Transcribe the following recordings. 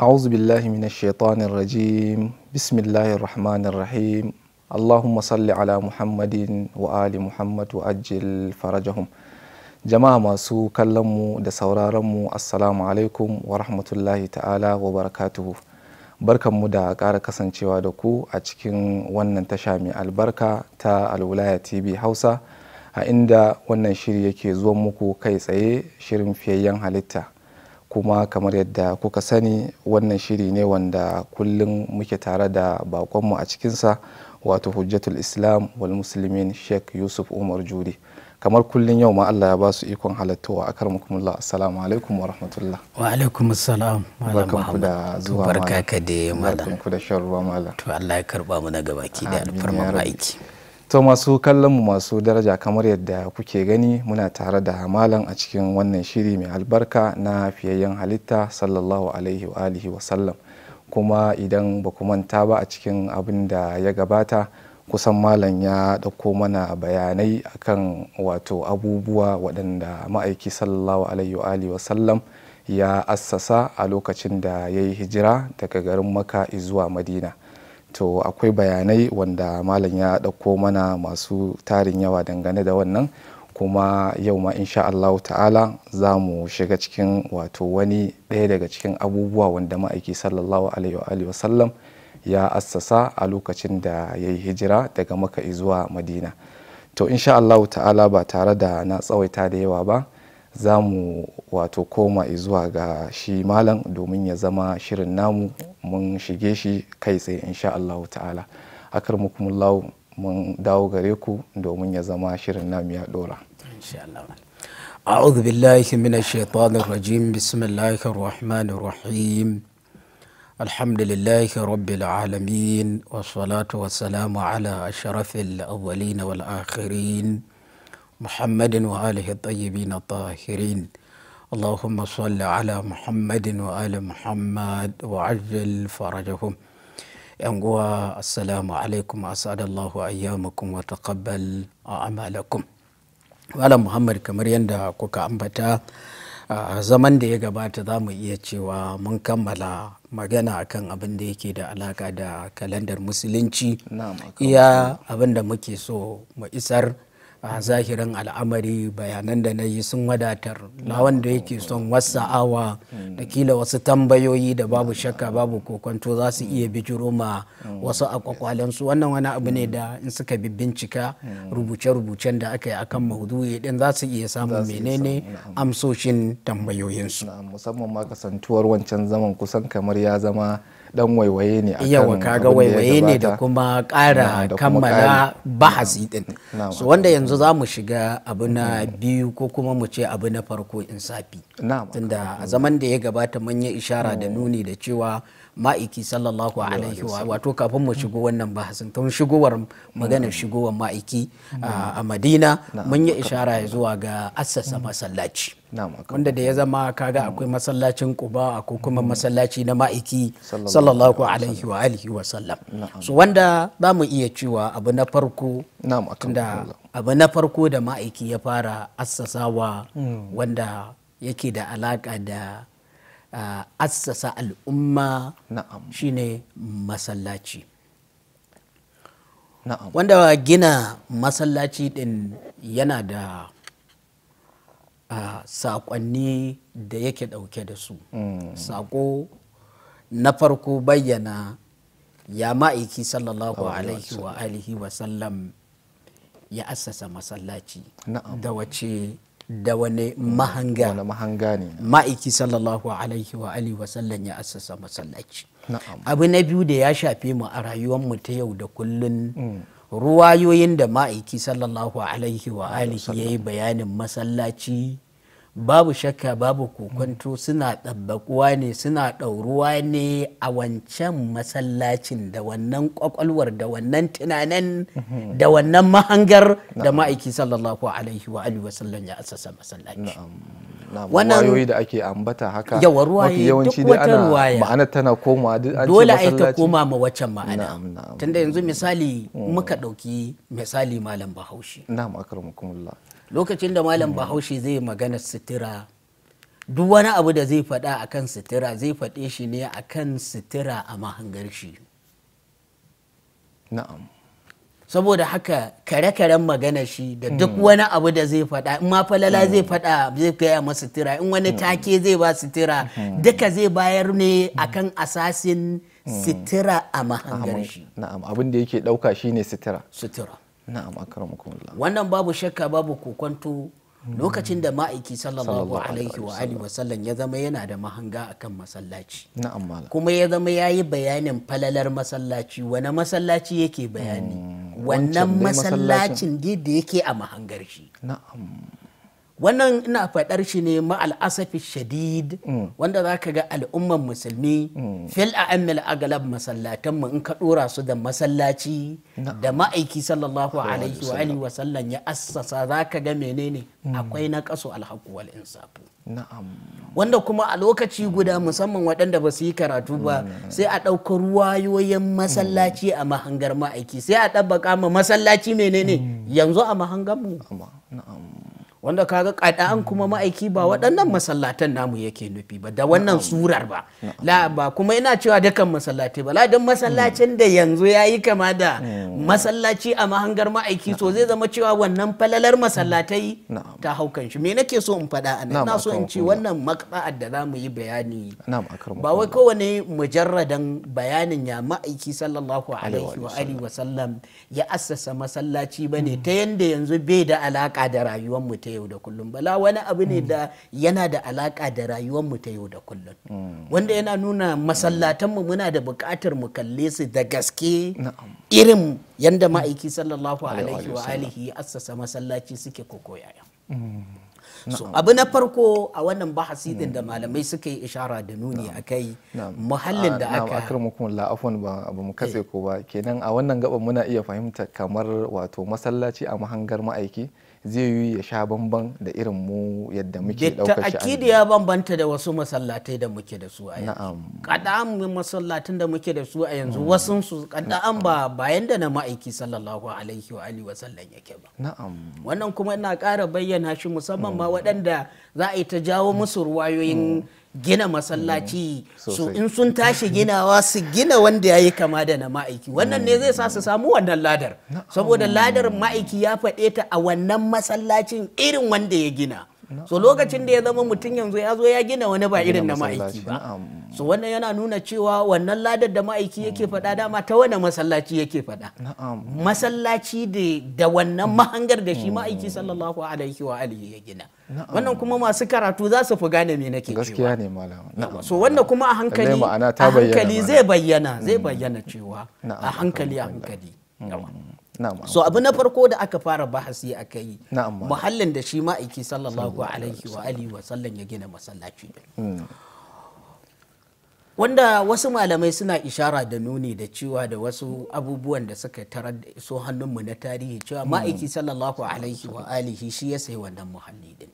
أعوذ mina من الشيطان الرجيم بسم الله الرحمن الرحيم اللهم صل على محمد وآل محمد jama'a masu kallon mu da mu assalamu alaikum wa rahmatullahi ta'ala wa barakatuhu mu da ƙara kasancewa da ku a cikin wannan tasha mai albarka ta alwulaya tv hausa a inda wannan shiri yake zuwan muku kai tsaye shirin fiyayyen halitta kuma kamar yadda kuka sani wannan shiri ne wanda kullum muke tare da bakonmu a cikinsa wato hujjatul islam wal musulmin sheikh yusuf umar juri kamar kullum yau ma Allah ya ba su ikon halattowa a karmu kumulla assalamu alaikum wa rahmatullah wa alaikum assalam barkan da zuwa barka ka da malam barkan ku da shan ruwa malam to Allah ya karba mu na gabaki da alfarman aiki to masu kallon mu masu daraja kamar yadda kuke gani muna tare da malam a cikin wannan shiri mai albarka na fiyayyen halitta sallallahu alaihi wa alihi wa sallam kuma idan ba ku manta ba a cikin abin da ya gabata kusan malam ya ɗauko mana bayanai akan wato abubuwa waɗanda ma'aiki sallallahu alaihi wa alihi wa sallam ya assasa a lokacin da ya yi hijira daga garin maka zuwa madina to akwai bayanai wanda malam ya ɗauko mana masu tarin yawa dangane da wannan kuma yau ma insha Allah ta'ala za mu shiga cikin wato wani ɗaya daga cikin abubuwa wanda ma'aiki sallallahu alaihi wa sallam ya assasa a lokacin da ya yi hijira daga maka zuwa madina to insha Allah ta'ala ba tare da na tsawaita da yawa ba za mu wato koma zuwa ga shi malam domin ya zama shirin namu mun shige shi kai in insha Allah ta'ala akar mukumullahu mun dawo gare ku domin ya zama shirin namu ya dora a'udhu billahi minash shaitanir rajim bismillahir rahmanir rahim alhamdulillahi rabbil alamin wassalatu wassalamu ala ashrafil awwalin wal akhirin محمد وآله الطيبين الطاهرين اللهم صل على محمد وآل محمد وعجل فرجهم yanguwa assalamu alaikum asadallahu ayyamakum wa taqabbal a'malakum malam muhammad kamar yadda kuka ambata zaman da ya gabata za mu iya cewa mun kammala magana akan abin da yake da alaka da kalandar musulunci iya abin da muke so mu isar a zahirin al'amari bayanan da na yi sun wadatar na wanda yake son wasa'awa da kila wasu tambayoyi da babu shakka babu kokonto za su iya bijiro ma wasu akwakwalensu wannan wani abu ne da in suka bi bincika rubuce-rubucen da aka yi akan maudu'i din za su iya samun menene amsoshin tambayoyinsu musamman ma kasantuwar wancan zaman kusan kamar ya zama dan waiwaye ne yawa kaga waiwaye ne da kuma ƙara kammala bahasi din so wanda yanzu za mu shiga abu na biyu ko kuma mu ce abu na farko insafi tunda a zaman da ya gabata mun yi ishara da mm. nuni da cewa ma'aiki sallallahu alaihi wa wato kafin mu shigo wannan bahasin tun shigowar maganar shigowar ma'aiki a madina mun yi ishara zuwa ga assasa masallaci wanda da ya zama kaga akwai masallacin kuba ko kuma mm-hmm. masallaci na ma'aiki sallallahu alaihi wa alihi wa sallam so wanda za mu iya cewa abu na farko da abu na farko da ma'aiki ya fara assasawa mm. wanda yake da alaka da assasa al'umma shi ne masallaci wanda gina masallaci din yana da uh, saƙonni da yake ɗauke da su mm. saƙo na farko bayyana ya ma'aiki sallallahu alaihi wa alihi wa sallam ya assasa masallaci da wace da wani mahanga ne ma'aiki sallallahu alaihi wa alihi wa sallan ya assasa masallaci abu na biyu da ya shafe mu a rayuwar mu ta yau da kullun mm. ruwayoyin da ma'aiki sallallahu alaihi wa alihi ya yi bayanin masallaci babu shakka babu kokonto suna ɗabbaƙuwa ne suna ɗauruwa ne a wancan masallacin da wannan ƙwaƙwalwar da wannan tunanin mhm. da wannan mahangar da ma'aiki sallallahu alaihi wa alihi wa sallam ya asasa masallaci wannan wayoyi da ake ambata haka yawa ruwaye yawanci da ana ma'ana tana komawa duk an dole ai ta koma ma waccan ma'ana tunda yanzu misali mm. muka ɗauki misali malam bahaushe na'am akramakumullah lokacin da malam hmm. bahaushe zai magana sitira duk wani abu da zai faɗa a kan sitira zai faɗe shi ne a kan sitira a mahangar shi na'am saboda haka kare-karen magana shi da duk hmm. wani abu da zai faɗa in ma falala zai hmm. faɗa zai gaya ma sitira in wani take zai ba sitira duka zai bayar ne a kan asasin sitira a mahangar shi na'am abin da yake ɗauka shine ne sitira wannan babu shakka babu kokwanto lokacin da ma'aiki sallallahu alaihi wa alihi wasallam ya zama yana da mahanga akan masallaci kuma ya zama yayi bayanin falalar masallaci wani masallaci yake bayani hmm, wannan masallacin da yake a mahangar shi na'am wannan ina faɗar shi ne ma asafi shadid mm. wanda za ka ga al'umman musulmi mm. fil a ammil agalab masallatanmu in ka ɗora su da masallaci da ma'aiki sallallahu alaihi wa alihi wasallam ya assasa za ka ga menene mm. akwai na kaso alhaku wal insafu wanda kuma a lokaci guda musamman waɗanda ba su yi karatu ba sai a ɗauka ruwayoyin masallaci a mahangar ma'aiki sai a ɗabbaka ma masallaci menene yanzu a mahangarmu. wanda kaga kada'an mm. kuma ma'aiki ba waɗannan masallatan namu yake nufi ba da wannan surar ba la ba kuma ina cewa dukan masallatai ba la masallacin mm. da yanzu ya yi kama da mm. masallaci a mahangar ma'aiki so zai zama cewa wannan falalar masallatai ta haukan shi me nake so in faɗa a nan so in ce wannan makba'ar da za mu yi bayani ba wai kowane mujarradan bayanin ya ma'aiki sallallahu alaihi wa alihi wa sallam ya assasa masallaci bane ta yanda yanzu bai da alaka da rayuwar mutum. ta yau da kullum bala wani abu ne mm. da yana da alaka da rayuwar mu ta yau da kullum mm. wanda yana nuna masallatan mu muna da buƙatar mu kalle su da gaske irin yanda ma'aiki sallallahu alaihi wa alihi assasa masallaci suke yaya mm. so abu na farko a wannan bahasi din da malamai suka yi ishara da nuni a kai muhallin da ah, aka akar la afwan ba abu mu katse eh. ko ba kenan a wannan gaban muna iya fahimta kamar wato masallaci a mahangar ma'aiki zai yi ya sha bamban da irin mu yadda muke ɗaukar shi akidi ya bambanta da wasu masallatai da muke da su a yanzu kada'an masallatin da muke da su a yanzu wasu su kada'an ba bayan da na ma'aiki sallallahu alaihi wa alihi wa sallam yake ba na'am wannan kuma ina ƙara bayyana shi musamman ma mm. waɗanda za a yi ta jawo musu ruwayoyin mm. gina masallaci mm-hmm. su in sun tashi ginawa su gina wanda ya yi kama da na ma'aiki wannan ne zai sa su mm-hmm. samu wannan ladar saboda ladar ma'aiki ya faɗe ta a wannan masallacin irin wanda ya gina so lokacin um, da ya zama mutum yanzu ya zo ya gina wani ba irin na ma'aiki ba so wannan yana nuna cewa wannan ladar da ma'aiki yake mm. faɗa dama ta wani masallaci yake faɗa masallaci da wannan mahangar da shi mm. ma'aiki sallallahu alaihi wa alihi ya gina wannan kuma masu karatu za su fi gane me nake cewa gaskiya ne malam so wannan kuma a hankali a hankali zai bayyana zai mm. bayyana cewa a hankali a hankali so abu na farko da aka fara bahasi a kai muhallin da shi ma'aiki sallallahu alaihi wa alihi wa sallam ya gina masallaci hmm. wanda wasu malamai suna ishara da nuni da cewa da wasu abubuwan da suka tarar da so hannunmu na tarihi cewa hmm. ma'aiki sallallahu alaihi wa alihi shi ya sai wannan muhalli din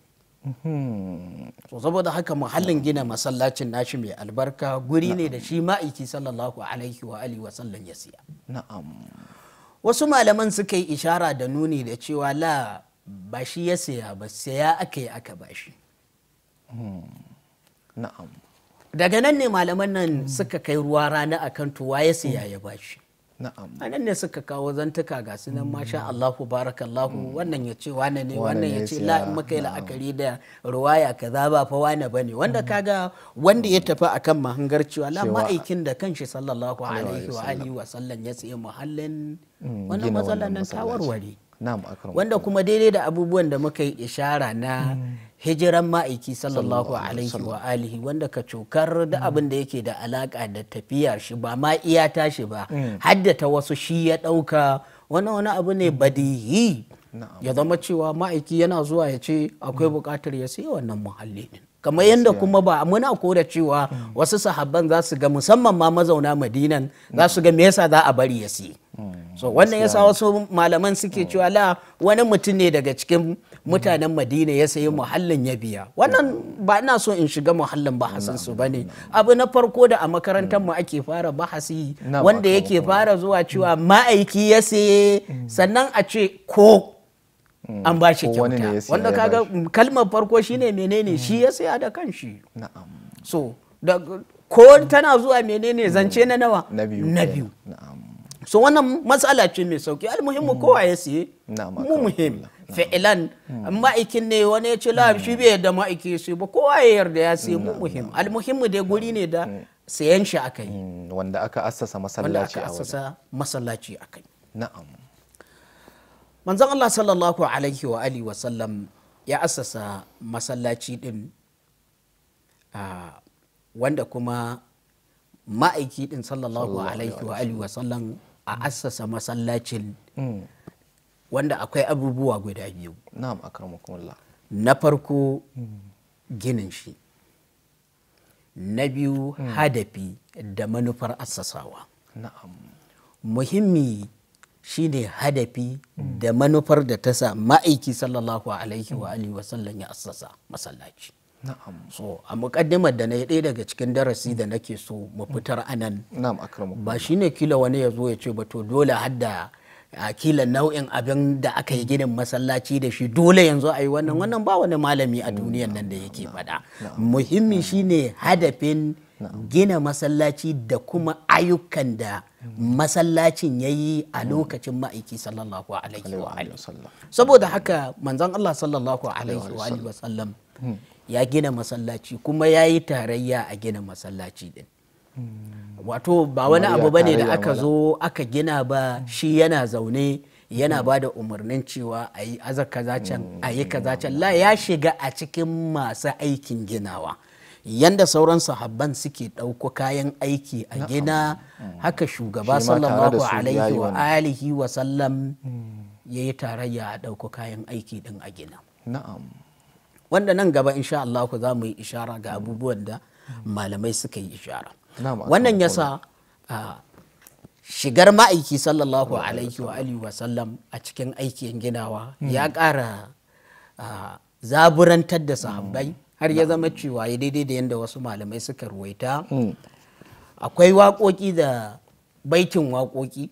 hmm. so saboda haka muhallin gina masallacin nashi mai albarka guri ne da shi ma'aiki sallallahu alaihi wa alihi wa sallam ya siya na'am wasu malaman suka yi ishara da nuni da cewa la ba shi ya saya ba saya aka yi aka ba shi hmm, daga nan ne malaman nan suka kai ruwa rana akan tuwa ya saya ya ba shi a nan ne suka kawo zantuka ga su nan masha hmm. Allahu barakallahu hmm. wannan ya ce wane ne wannan ya ce la'in ah, muka yi la'akari da ruwaya za ba fa wane bane wanda hmm. kaga wanda ya tafi akan mahangar cewa la ma'aikin da kanshi sallallahu alaihi wa alihi wa sallam ya tsaye muhallin wannan matsalar nan ta warware wanda kuma daidai da abubuwan da muka yi ishara na hmm. hijiran ma'aiki sallallahu alaihi wa alihi wanda ka cokar da hmm. abin da yake da alaka da tafiya shi ba ma iya tashi ba hmm. haddata wasu shi ya ɗauka wani wani abu ne badihi ya zama cewa ma'aiki yana zuwa ya ce akwai buƙatar ya sai wannan muhallin kamar yadda kuma ba muna kora cewa wasu sahabban za su ga musamman ma mazauna madinan za su ga me yasa za a bari ya siye hmm, so wannan yasa wasu malaman suke hmm. cewa la wani mutum ne daga cikin mutanen madina ya sayi muhallin ya biya wannan ba ina so in shiga muhallin bahasin su bane abu na farko da a makarantar mu ake fara bahasi wanda yake fara zuwa cewa hmm. ma'aiki ya saye sannan a ce ko an mm. ba shi kyauta wanda kaga kalmar farko shine mm. menene mm. shi ya saya da kanshi so da ko tana zuwa menene zance na nawa na biyu so wannan matsala ce mai sauki almuhimmu kowa ya saye mu muhim fa'ilan ma'aikin ne wani ya ce la shi bai yarda ma'aiki ya ba kowa ya yarda ya saye mu muhim almuhimmu dai guri ne da sayan shi yi wanda aka assasa masallaci a wanda aka assasa masallaci akai na'am manzon Allah sallallahu alaihi wa alihi wasallam ya asasa masallaci din wanda kuma ma'aiki din sallallahu alaihi wa alihi wasallam a mm. asasa masallacin mm. wanda akwai abubuwa guda biyu na'am na farko mm. ginin shi na biyu hadafi da manufar assasawa na'am muhimmi shine hadafi da manufar da ta sa ma'aiki sallallahu alaihi wa alihi wa sallam ya assasa masallaci na'am so a muƙaddimar da na ɗaya daga cikin darasi da nake so mu mm. fitar anan na'am akramu ba shine kila wani ya zo ya ce ba to dole hadda a kila nau'in abin da aka yi ginin masallaci da shi dole yanzu a yi wannan mm. wannan ba wani malami a duniyan nan da yake faɗa muhimmi mm. shine hadafin gina masallaci da kuma ayyukan da masallacin ya yi a lokacin ma'aiki sallallahu alaihi wa sallam saboda haka manzon Allah sallallahu alaihi wa sallam hmm. ya gina masallaci kuma ya yi tarayya a gina masallaci din wato ba wani abu bane da aka zo aka gina ba shi yana zaune yana hmm. ba da umarnin cewa a yi kaza can a yi hmm. kaza can la ya shiga a cikin masu aikin ginawa yanda sauran sahabban suke ɗauko kayan aiki a gina haka shugaba sallallahu alaihi wa alihi wa sallam hmm. ya yi tarayya a ɗauko kayan aiki ɗin a gina wanda nan gaba insha Allah za mu yi ishara ga abubuwan da malamai suka yi ishara wannan yasa shigar ma'aiki sallallahu alaihi wa alihi wa sallam a cikin aikin ginawa hmm. ya ƙara zaburantar da sahabbai hmm. har ya zama cewa ya daidai da yadda wasu malamai suka ruwaita hmm. akwai waƙoƙi da baikin waƙoƙi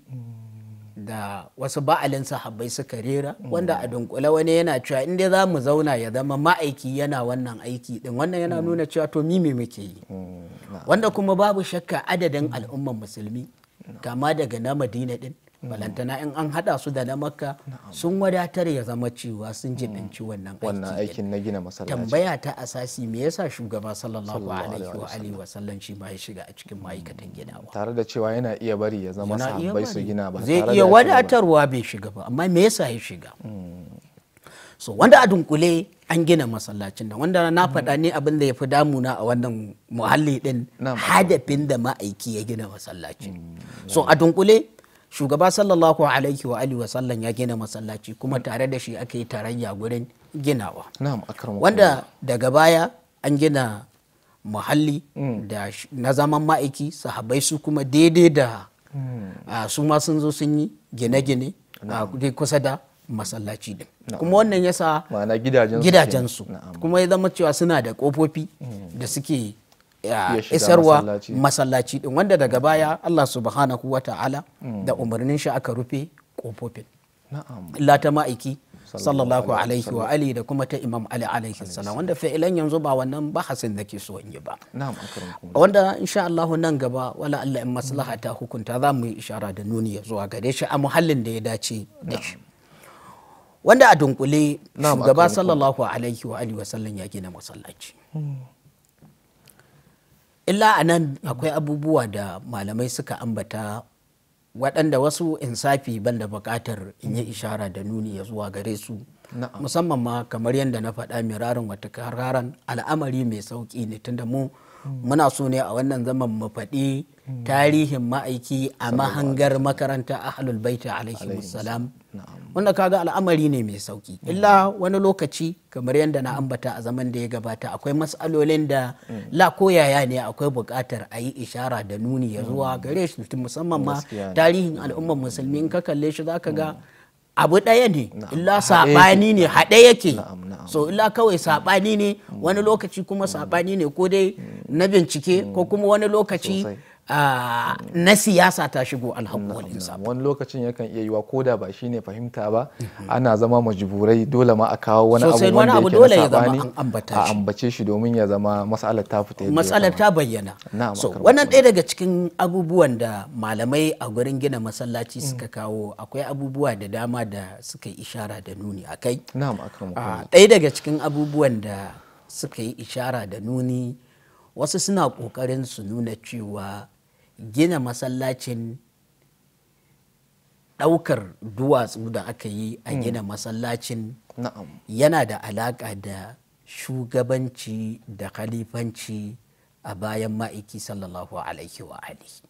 da wasu ba'alin sahabbai suka rera hmm. wanda a dunkule wani yana cewa inda za mu zauna ya zama ma'aiki yana wannan aiki din wannan yana hmm. nuna cewa to mime muke yi wanda kuma babu shakka adadin al'umman musulmi kama daga na madina din balantana in an hada su da na makka sun wadatar ya zama cewa sun jibinci mm. wannan aikin na gina masallaci tambaya ta asasi me yasa shugaba sallallahu alaihi wa alihi wa sallam shi ma ya shiga a cikin ma'aikatan mm. ginawa tare da cewa yana iya bari ya zama sahabbai su gina ba zai iya wadatarwa bai shiga ba amma me yasa ya shiga mm. so wanda a dunkule an gina masallacin da wanda na faɗa ne abin da ya fi damuna a wannan muhalli din hadafin da ma'aiki ya gina masallacin so a dunkule shugaba sallallahu alaihi wa alihi sallam ya gina masallaci kuma tare da shi ake tarayya gurin ginawa wanda daga baya an gina muhalli mm. da na zaman ma'aiki sahabai su kuma daidai da mm. su ma sun zo sun yi gine-gine a kusa da masallaci din kuma wannan ya sa gidajensu kuma ya zama cewa suna da kofofi mm. da suke isarwa masallaci din wanda daga baya Allah subhanahu wa ta'ala da umarnin shi aka rufe kofofin la ta ma'aiki sallallahu alaihi wa ali da kuma ta imam ali alaihi salam wanda fa'ilan yanzu ba wannan bahasin da ke so in yi ba wanda insha Allah nan gaba wala Allah in maslaha ta hukunta za mu yi ishara da nuni ya zuwa gare shi a muhallin da ya dace da shi wanda a dunkule shugaba sallallahu alaihi wa ali wa sallam ya gina masallaci hmm. illa a nan akwai abubuwa da malamai suka ambata waɗanda wasu insafi banda buƙatar in yi ishara da nuni ya zuwa gare su musamman ma kamar yadda na faɗa mirarin wata kararan al'amari mai sauƙi ne tunda mu muna so ne a wannan zaman mu faɗi tarihin ma'aiki a mahangar makaranta ahlul baita alaihi salam wanda kaga al'amari ne mai sauki illa wani lokaci kamar yadda na ambata a zaman da ya gabata akwai matsalolin da mm. la koyaya ne akwai buƙatar a yi ishara da nuni ya zuwa mm. gare shi musamman ma tarihin mm. al'ummar musulmi in ka kalle shi za ka ga abu ɗaya ne illa saɓani ne haɗe yake so illa kawai saɓani ne mm. wani lokaci kuma saɓani ne ko dai mm. na bincike ko mm. kuma wani lokaci Ah, na siyasa ta shigo alhaƙuwar insa wani lokacin yakan iya yiwa ko da ba shi ne fahimta ba ana zama majiburai dole ma a kawo wani abu wanda yake na sabani a ambace shi domin ya zama matsalar ta fita matsalar ta bayyana so wannan ɗaya daga cikin abubuwan da malamai a gurin gina masallaci mm. suka kawo akwai abubuwa da dama da suka yi ishara da nuni a kai ah, ɗaya daga cikin abubuwan da suka yi ishara da nuni wasu suna ƙoƙarin su nuna cewa gina masallacin ɗaukar duwatsu da aka yi a hmm. gina masallacin yana da alaƙa da shugabanci da khalifanci a bayan ma'aiki sallallahu alaihi wa alihi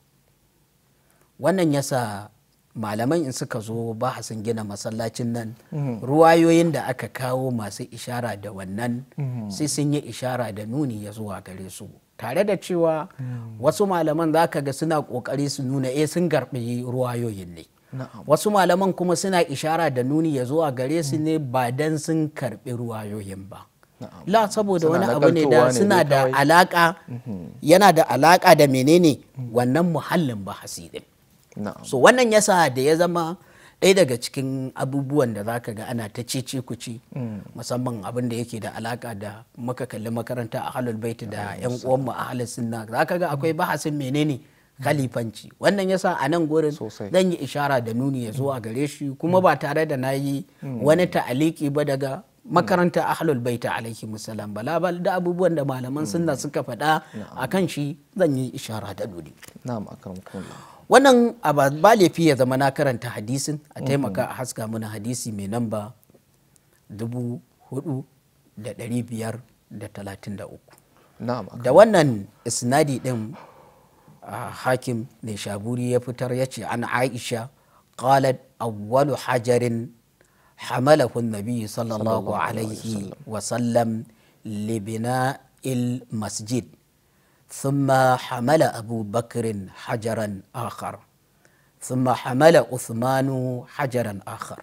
wannan yasa malaman in suka zo ba bahasin gina masallacin nan hmm. ruwayoyin da aka kawo masu ishara da wannan hmm. sai sun yi ishara da nuni ya zuwa gare su tare da cewa wasu malaman za ka ga suna kokari su nuna e sun garbi ruwayoyin ne wasu malaman kuma suna ishara da nuni ya zuwa gare su ne ba dan sun karbi ruwayoyin ba la saboda wani abu ne da suna da alaka mhm. yana da alaka da menene wannan muhallin ba hasidin so wannan yasa da ya zama ɗaya daga cikin abubuwan da za ka ga ana ta ce ce ku ci musamman abin da yake da alaka da muka kalli makaranta a halul baiti da yan mu a halin sunna za ka ga akwai bahasin menene khalifanci wannan yasa a nan gurin zan yi ishara da nuni ya zo a gare shi kuma ba tare da na yi wani ta'aliki ba daga makaranta a ahlul baita alaihi musallam balabal da abubuwan da malaman sunna suka faɗa akan shi zan yi ishara da nuni wannan ba laifi ya zama na karanta hadisin a taimaka a haska mana hadisi mai namba dubu hudu da talatin da da wannan isnadi din hakim ne shaburi ya fitar ya ce an aisha qalat awwalu hajarin hamalahu nabi sallallahu alaihi wasallam libina il masjid ثم حمل أبو بكر حجرا آخر ثم حمل عثمان حجرا آخر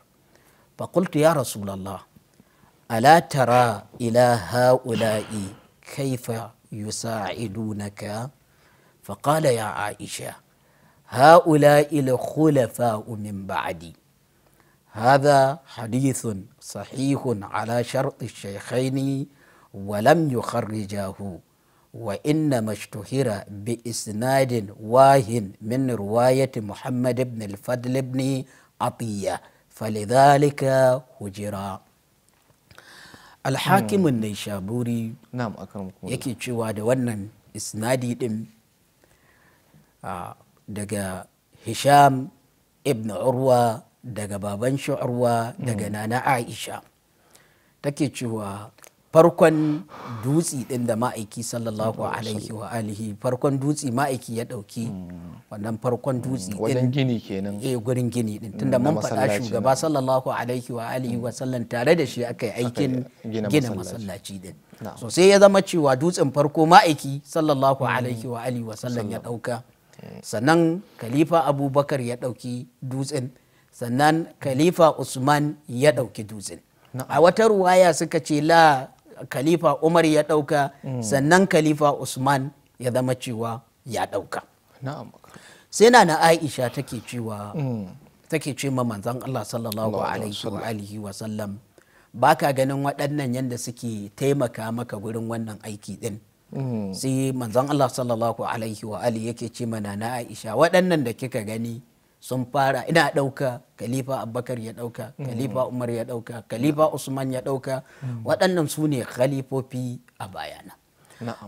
فقلت يا رسول الله ألا ترى إلى هؤلاء كيف يساعدونك فقال يا عائشة هؤلاء الخلفاء من بعدي هذا حديث صحيح على شرط الشيخين ولم يخرجاه wa inna mashtuhira bi isnadin wahin min riwayati muhammad ibn al-fadl ibn atiya falidhalika hujira alhakimin hmm. nishaburi yake cewa da wannan isnadi din daga hisham ibn urwa daga baban shi urwa daga hmm. nana aisha take cewa farkon dutsi din da ma'aiki sallallahu alaihi wa alihi farkon dutsi ma'aiki ya dauki wannan farkon dutsi din wajen gini kenan eh gurin gini din tunda mm, mun faɗa shugaba sallallahu alaihi wa alihi wa sallam tare da shi aka yi aikin gina masallaci din so sai ya zama cewa dutsen farko ma'aiki sallallahu alaihi wa alihi wa sallam ya dauka eh. sannan khalifa abubakar ya dauki dutsen sannan khalifa usman ya dauki dutsen a wata ruwaya suka ce la khalifa umar ya ɗauka hmm. sannan Kalifa usman ya zama cewa ya ɗauka sai na na aisha take cewa hmm. take ce ma manzon allah sallallahu alaihi wa alihi wa sallam ba ka ganin waɗannan yadda suke taimaka maka wurin wannan aiki din hmm. sai manzon allah sallallahu alaihi wa alihi yake ce mana na aisha waɗannan da kika gani sun fara ina ɗauka khalifa abubakar ya ɗauka khalifa mm. umar ya ɗauka khalifa mm. usman ya ɗauka mm. waɗannan su ne khalifofi a bayana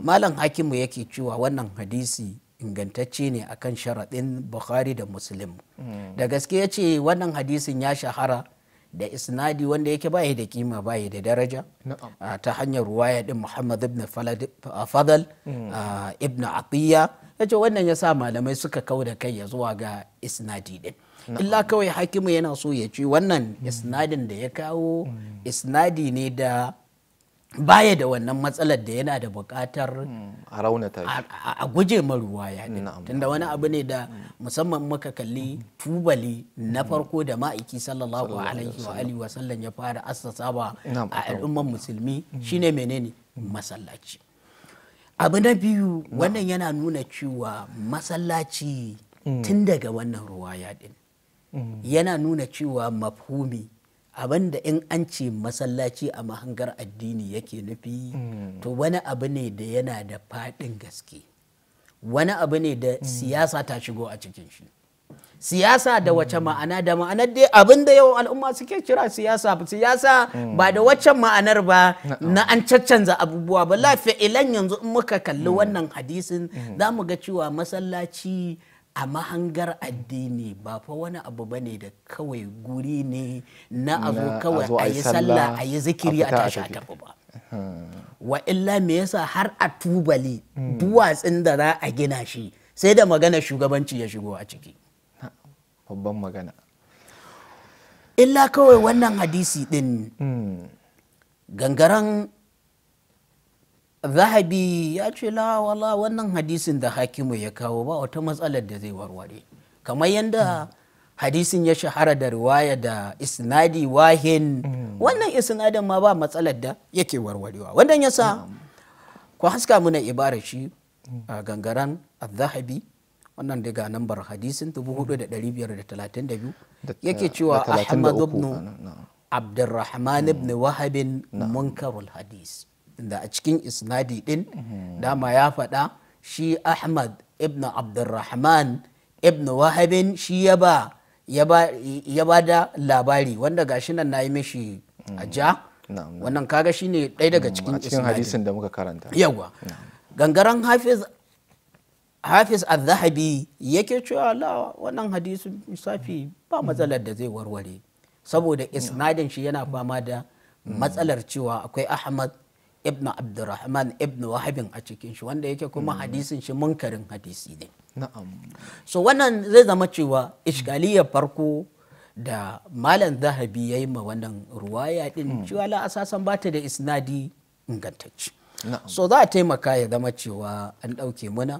malam hakimu yake cewa wannan hadisi ingantacce ne akan sharaɗin bukhari da muslim da gaske ya ce wannan hadisin ya shahara da isnadi wanda yake baya da kima baya da daraja ta hanyar ruwaya din muhammad ibn fadal ibn atiya ta ce wannan ya sa malamai suka kau da kai ya zuwa ga isnadi din illa kawai hakimu yana so ya ci wannan hmm. isnadin da ya kawo hmm. isnadi ne da baya da wannan matsalar da yana da bukatar hmm. a guje maruwa maruwaya tunda wani abu ne da musamman muka kalli tubali na farko da ma'aiki sallallahu alaihi wa alihi wa sallam ya fara assasa ba a al'umman musulmi shine menene masallaci abu na biyu wannan yana nuna cewa masallaci hmm. tun daga wannan ruwa ya din hmm. yana nuna cewa mafhumi abinda in an ce masallaci a mahangar addini yake nufi hmm. to wani abu ne da yana da faɗin gaske wani abu ne da siyasa ta shigo a cikin shi siyasa da wace ma'ana da ma'anar dai abin da yawan al'umma suke kira siyasa siyasa ba da waccan ma'anar ba na an caccanza abubuwa ba ilan yanzu in muka kalli wannan hadisin za mu ga cewa masallaci a mahangar addini ba fa wani abu ba ne da kawai guri ne na abu kawai a yi sallah a yi zikiri a tashi a tafi ba wa illa me yasa har a tubali hmm. duwatsin da za a gina shi sai da magana shugabanci ya shigo a ciki babban magana illa kawai wannan hadisi din hmm. gangaren zahabi ya ce wala wannan hadisin da hakimu ya kawo ba wata matsalar da zai warware kamar yadda hmm. hadisin ya shahara da riwaya da isnadi wahin hmm. wannan isnadin ma ba matsalar da yake warwarewa wannan yasa ku haska muna ibara shi a gangaren zahabi wannan daga nambar hadisin 4532 hmm. yake cewa ahmad ibn abdurrahman ibn hmm. wahabin munkarul hadis da a cikin isnadi din hmm. dama ya faɗa shi ahmad ibn abdurrahman ibn wahabin shi ya ba ya ba da labari wanda gashi nan na yi mishi a ja wannan kaga shi ne ɗaya daga cikin hadisin da muka karanta yawa gangaren hafiz hafiz al-zahabi yake cewa la wannan hadisin safi ba matsalar da zai warware saboda isnadin shi yana fama da matsalar cewa akwai ahmad ibn abdurrahman ibn wahabin a cikin shi wanda yake kuma hadisin shi munkarin hadisi ne so wannan zai zama cewa ishgaliya farko da malam zahabi ya yi ma wannan ruwaya din hmm. cewa la asasan ba ta da isnadi ingantacci so za a taimaka ya zama cewa an ɗauke muna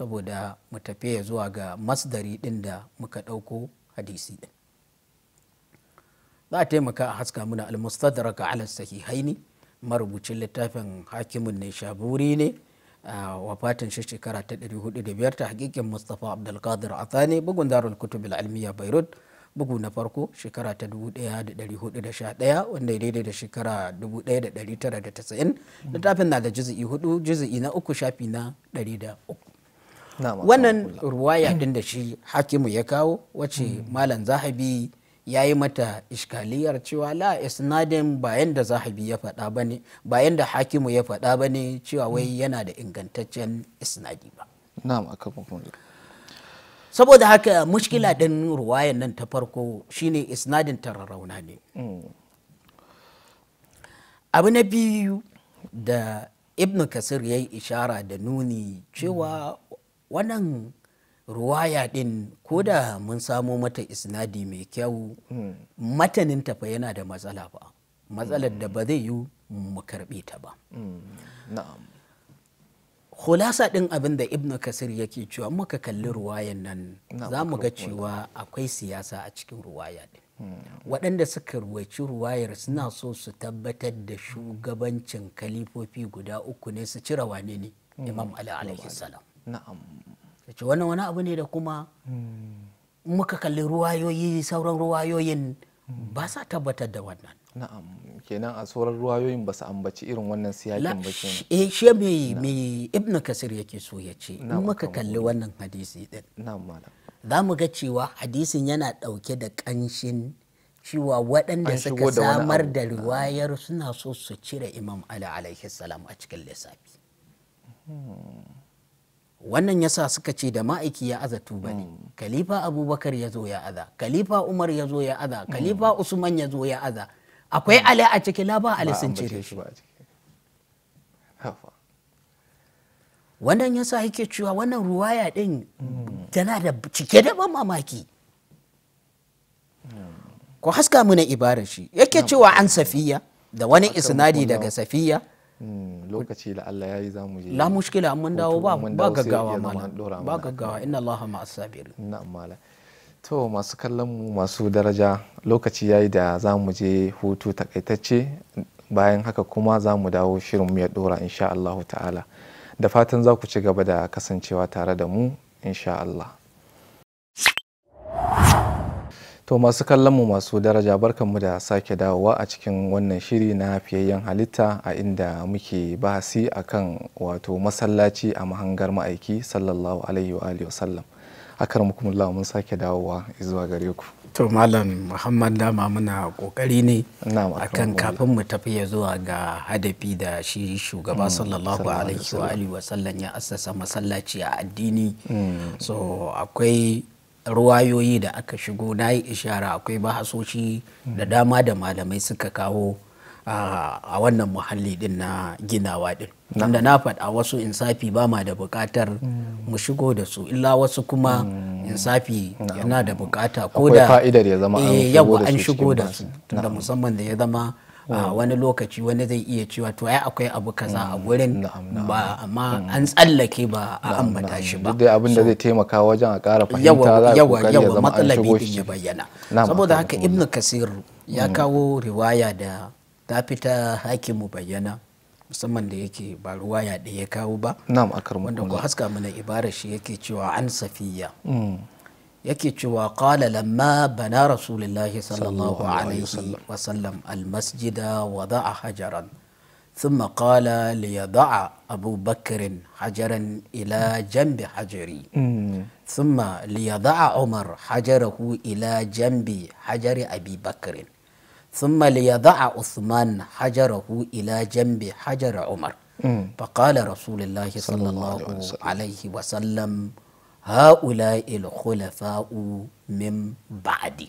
saboda mu tafiya zuwa ga masdari ɗin da muka ɗauko hadisi ɗin za a taimaka a haska muna almustadraka ala sahihaini marubucin littafin hakimin ne shaburi ne a wafatin shi shekara ta 405 ta hakikin mustapha abdulkadir athani bugun zarar kutub almiya beirut bugu na farko shekara ta 1411 wanda daidai da shekara 1990 littafin na da jizi'i hudu jizi'i na uku shafi na wannan ruwaya din da shi hakimu ya kawo wacce malam zahabi ya yi mata iskaliyar cewa la isnadin bayan da zahabi ya faɗa ba ne bayan da hakimu ya faɗa ba ne cewa wai yana da ingantaccen isnadi ba saboda haka mushkila din ruwayan nan ta farko shine isnadin tararrauna ne mm. abu na biyu da ibn kasir ya yi ishara da nuni cewa wannan ruwaya din ko da mun samo mata isnadi mai kyau hmm. matanin tafa yana da matsala ba matsalar da hmm. ba zai yi mu karɓe ta ba hmm. khulasa din abin da ibnu kasir yake cewa muka kalli ruwayan nan za mu ga cewa akwai siyasa a cikin ruwaya din waɗanda suka ruwaci ruwayar suna so su tabbatar da shugabancin kalifofi guda uku ne su cire wane ne imam ali alaihi salam na'am ce wannan wani abu ne da kuma muka kalli ruwayoyi sauran ruwayoyin ba sa tabbatar da wannan na'am kenan a sauran ruwayoyin ba su ambaci irin wannan siyakin ba ke. eh shi me me ibn kasir yake so ya ce in muka kalli wannan hadisi din na'am malam za mu ga cewa hadisin yana dauke da kanshin cewa waɗanda suka samar da riwayar suna so su cire imam ali alaihi salam a cikin lissafi hmm. wannan ya sa suka ce da ma'aiki ya aza tuba ne. Mm. khalifa abubakar ya zo ya aza khalifa umar ya zo ya aza mm. khalifa usman ya zo ya aza mm. akwai ali a ciki laba ba ali sun cire shi wannan yasa yake cewa wannan ruwaya din tana da cike da ban mamaki ko haska mu na ibarar shi yake cewa an safiya da wani isnadi daga safiya Hmm, lokaci la Allah za mu je la mushkila mun dawo ba ba gaggawa malam ba gaggawa inna Allah ma'as sabirin na'am malam to masu kallon mu masu daraja lokaci yayi da za mu je hutu takaitacce bayan haka kuma za mu dawo shirin mu ya dora insha Allah ta'ala da fatan za ku ci gaba da kasancewa tare da mu insha Allah To masu kallonmu masu daraja barkanmu da sake dawowa a cikin wannan shiri na fiyayyen halitta a inda muke bahasi kan wato masallaci a mahangar ma'aiki sallallahu alaihi wa alihi wasallam. Akar mukumullah mun sake dawowa zuwa gare ku. To Malam Muhammad dama muna kokari ne a kan kafin mu ya zuwa ga hadafi da shi shugaba mm, sallallahu alaihi wa alihi ya assasa masallaci a addini. Mm. So akwai ruwayoyi da aka shigo na yi ishara akwai bahasoshi da dama da malamai suka kawo a wannan muhalli din na ginawa din wanda na faɗa wasu insafi ba ma da buƙatar mu shigo da su illa wasu kuma hmm. insafi yana da buƙata ko eh, da an shigo da su tunda musamman da ya zama a mm. wani lokaci wani zai iya cewa to ya akwai abu kaza a mm. gurin ba amma mm. an tsallake ba a ambata shi ba duk abin da zai taimaka wajen a ƙara fahimta za yawa yawa matsalabi din ya bayyana saboda haka ibnu kasir ya kawo riwaya da ta fita hakimu bayyana musamman da yake ba riwaya da ya kawo ba na'am akar wanda ko haska mana ibarar shi yake cewa an safiya قال لما بنى رسول الله صلى الله عليه وسلم المسجد وضع حجرا ثم قال ليضع أبو بكر حجرا إلى جنب حجري ثم ليضع عمر حجره إلى جنب حجر أبي بكر ثم ليضع عثمان حجره إلى جنب حجر عمر فقال رسول الله صلى الله عليه وسلم ha'ula min ba'di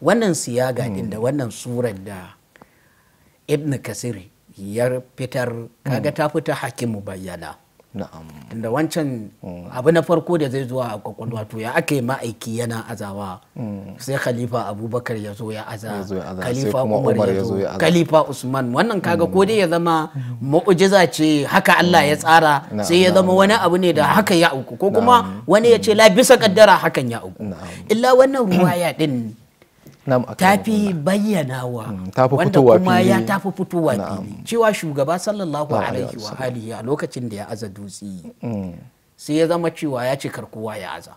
wannan siyaga din da hmm. wannan surar da ibn kasir ya fitar kaga hmm. ta fita hakimu bayyana da wancan mm. abu na farko da zai zuwa a kwakwalwa to ya ake ma'aiki yana azawa mm. sai khalifa abubakar ya zo ya aza khalifa umar ya zo khalifa usman wannan kaga ko mm. dai ya zama mu'jiza ce haka Allah ya tsara sai ya zama wani abu ne da haka ya uku ko kuma wani ya ce la bisa kaddara hakan ya uku illa wannan ruwaya din tafi bayyanawa mm, wanda kuma ya tafi fitowa cewa shugaba sallallahu alaihi wa alihi a lokacin da ya aza dutse mm. sai ya zama cewa ya ce kowa ya aza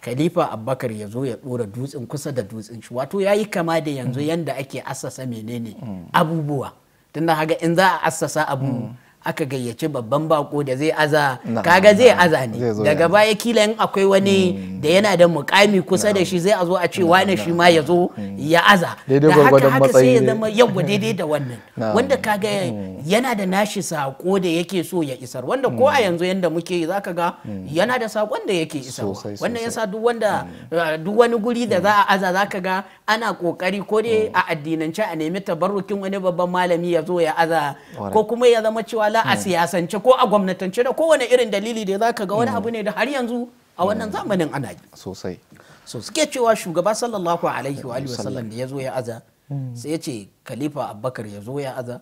khalifa abubakar ya zo ya dora dutsen kusa da dutsen shi wato ya yi kama da yanzu mm. yanda ake assasa menene abubuwa tunda haga in za a assasa abu aka gayyaci babban bako da zai aza kaga zai aza ne daga baya kila in akwai wani hmm. da yana da mukami kusa da shi zai azo a ce wani shi ma ya zo hmm. ya aza da haka haka sai ya zama yawa daidai da wannan wanda kaga hmm. yana da nashi sako da yake so ya isar wanda ko a yanzu yanda muke zaka ga yana da sakon da yake isar wannan yasa duk wanda eh, duk wani guri da za a aza zaka ga ana kokari ko dai a addinance a nemi tabarrukin wani babban malami ya zo ya aza ko kuma ya zama cewa ala a hmm. siyasance ko a gwamnatance da kowane irin dalili da za ka ga wani hmm. abu ne da har yanzu a wannan hmm. zamanin ana yi sosai so suke cewa shugaba sallallahu alaihi wa sallam da ya zo ya aza sai ya ce khalifa abubakar ya zo ya aza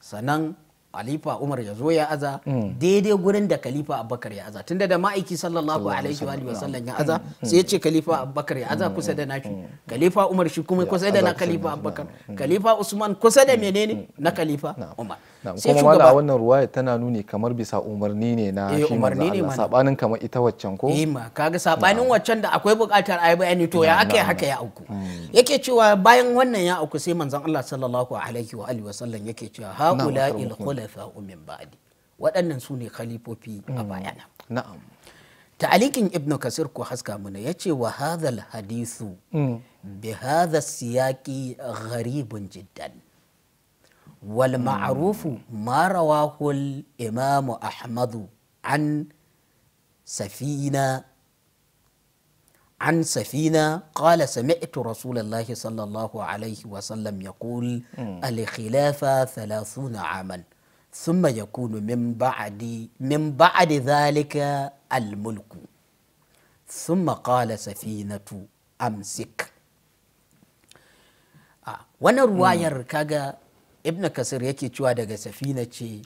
sannan alifa Umar ya zo ya aza mm. daidai gurin da Khalifa Abubakar ya aza tunda da ma'aiki sallallahu alaihi wa sallam ya aza mm. sai ya ce Khalifa mm. Abubakar ya aza kusa da naki Khalifa Umar shi kuma kusa da na Khalifa Abubakar Khalifa Usman kusa da menene na Khalifa Umar sai da wannan ruwaya tana nuni kamar bisa umarni ne na eh, shi umarni ne sabanin kamar ita waccan ko eh ma kaga sabanin waccan da akwai bukatar ayi bayani to ya akai haka ya auku yake cewa bayan wannan ya auku sai manzon Allah sallallahu alaihi wa alihi wa sallam yake cewa haula il khulafa min ba'di waɗannan su ne khalifofi a bayana na'am ta'alikin ibnu kasir ko haska mun yace wa hadhal hadithu bi hadha siyaqi gharibun jiddan wal ma'rufu ma rawahu al imam ahmad an safina عن سفينة قال سمعت رسول الله صلى الله عليه وسلم يقول الخلافة ثلاثون عاما sun ma ya kunu min ba'adi zalika almulku mulku sun ma kala amsik wani ruwayar kaga ibn kasir yake cewa daga safi na ce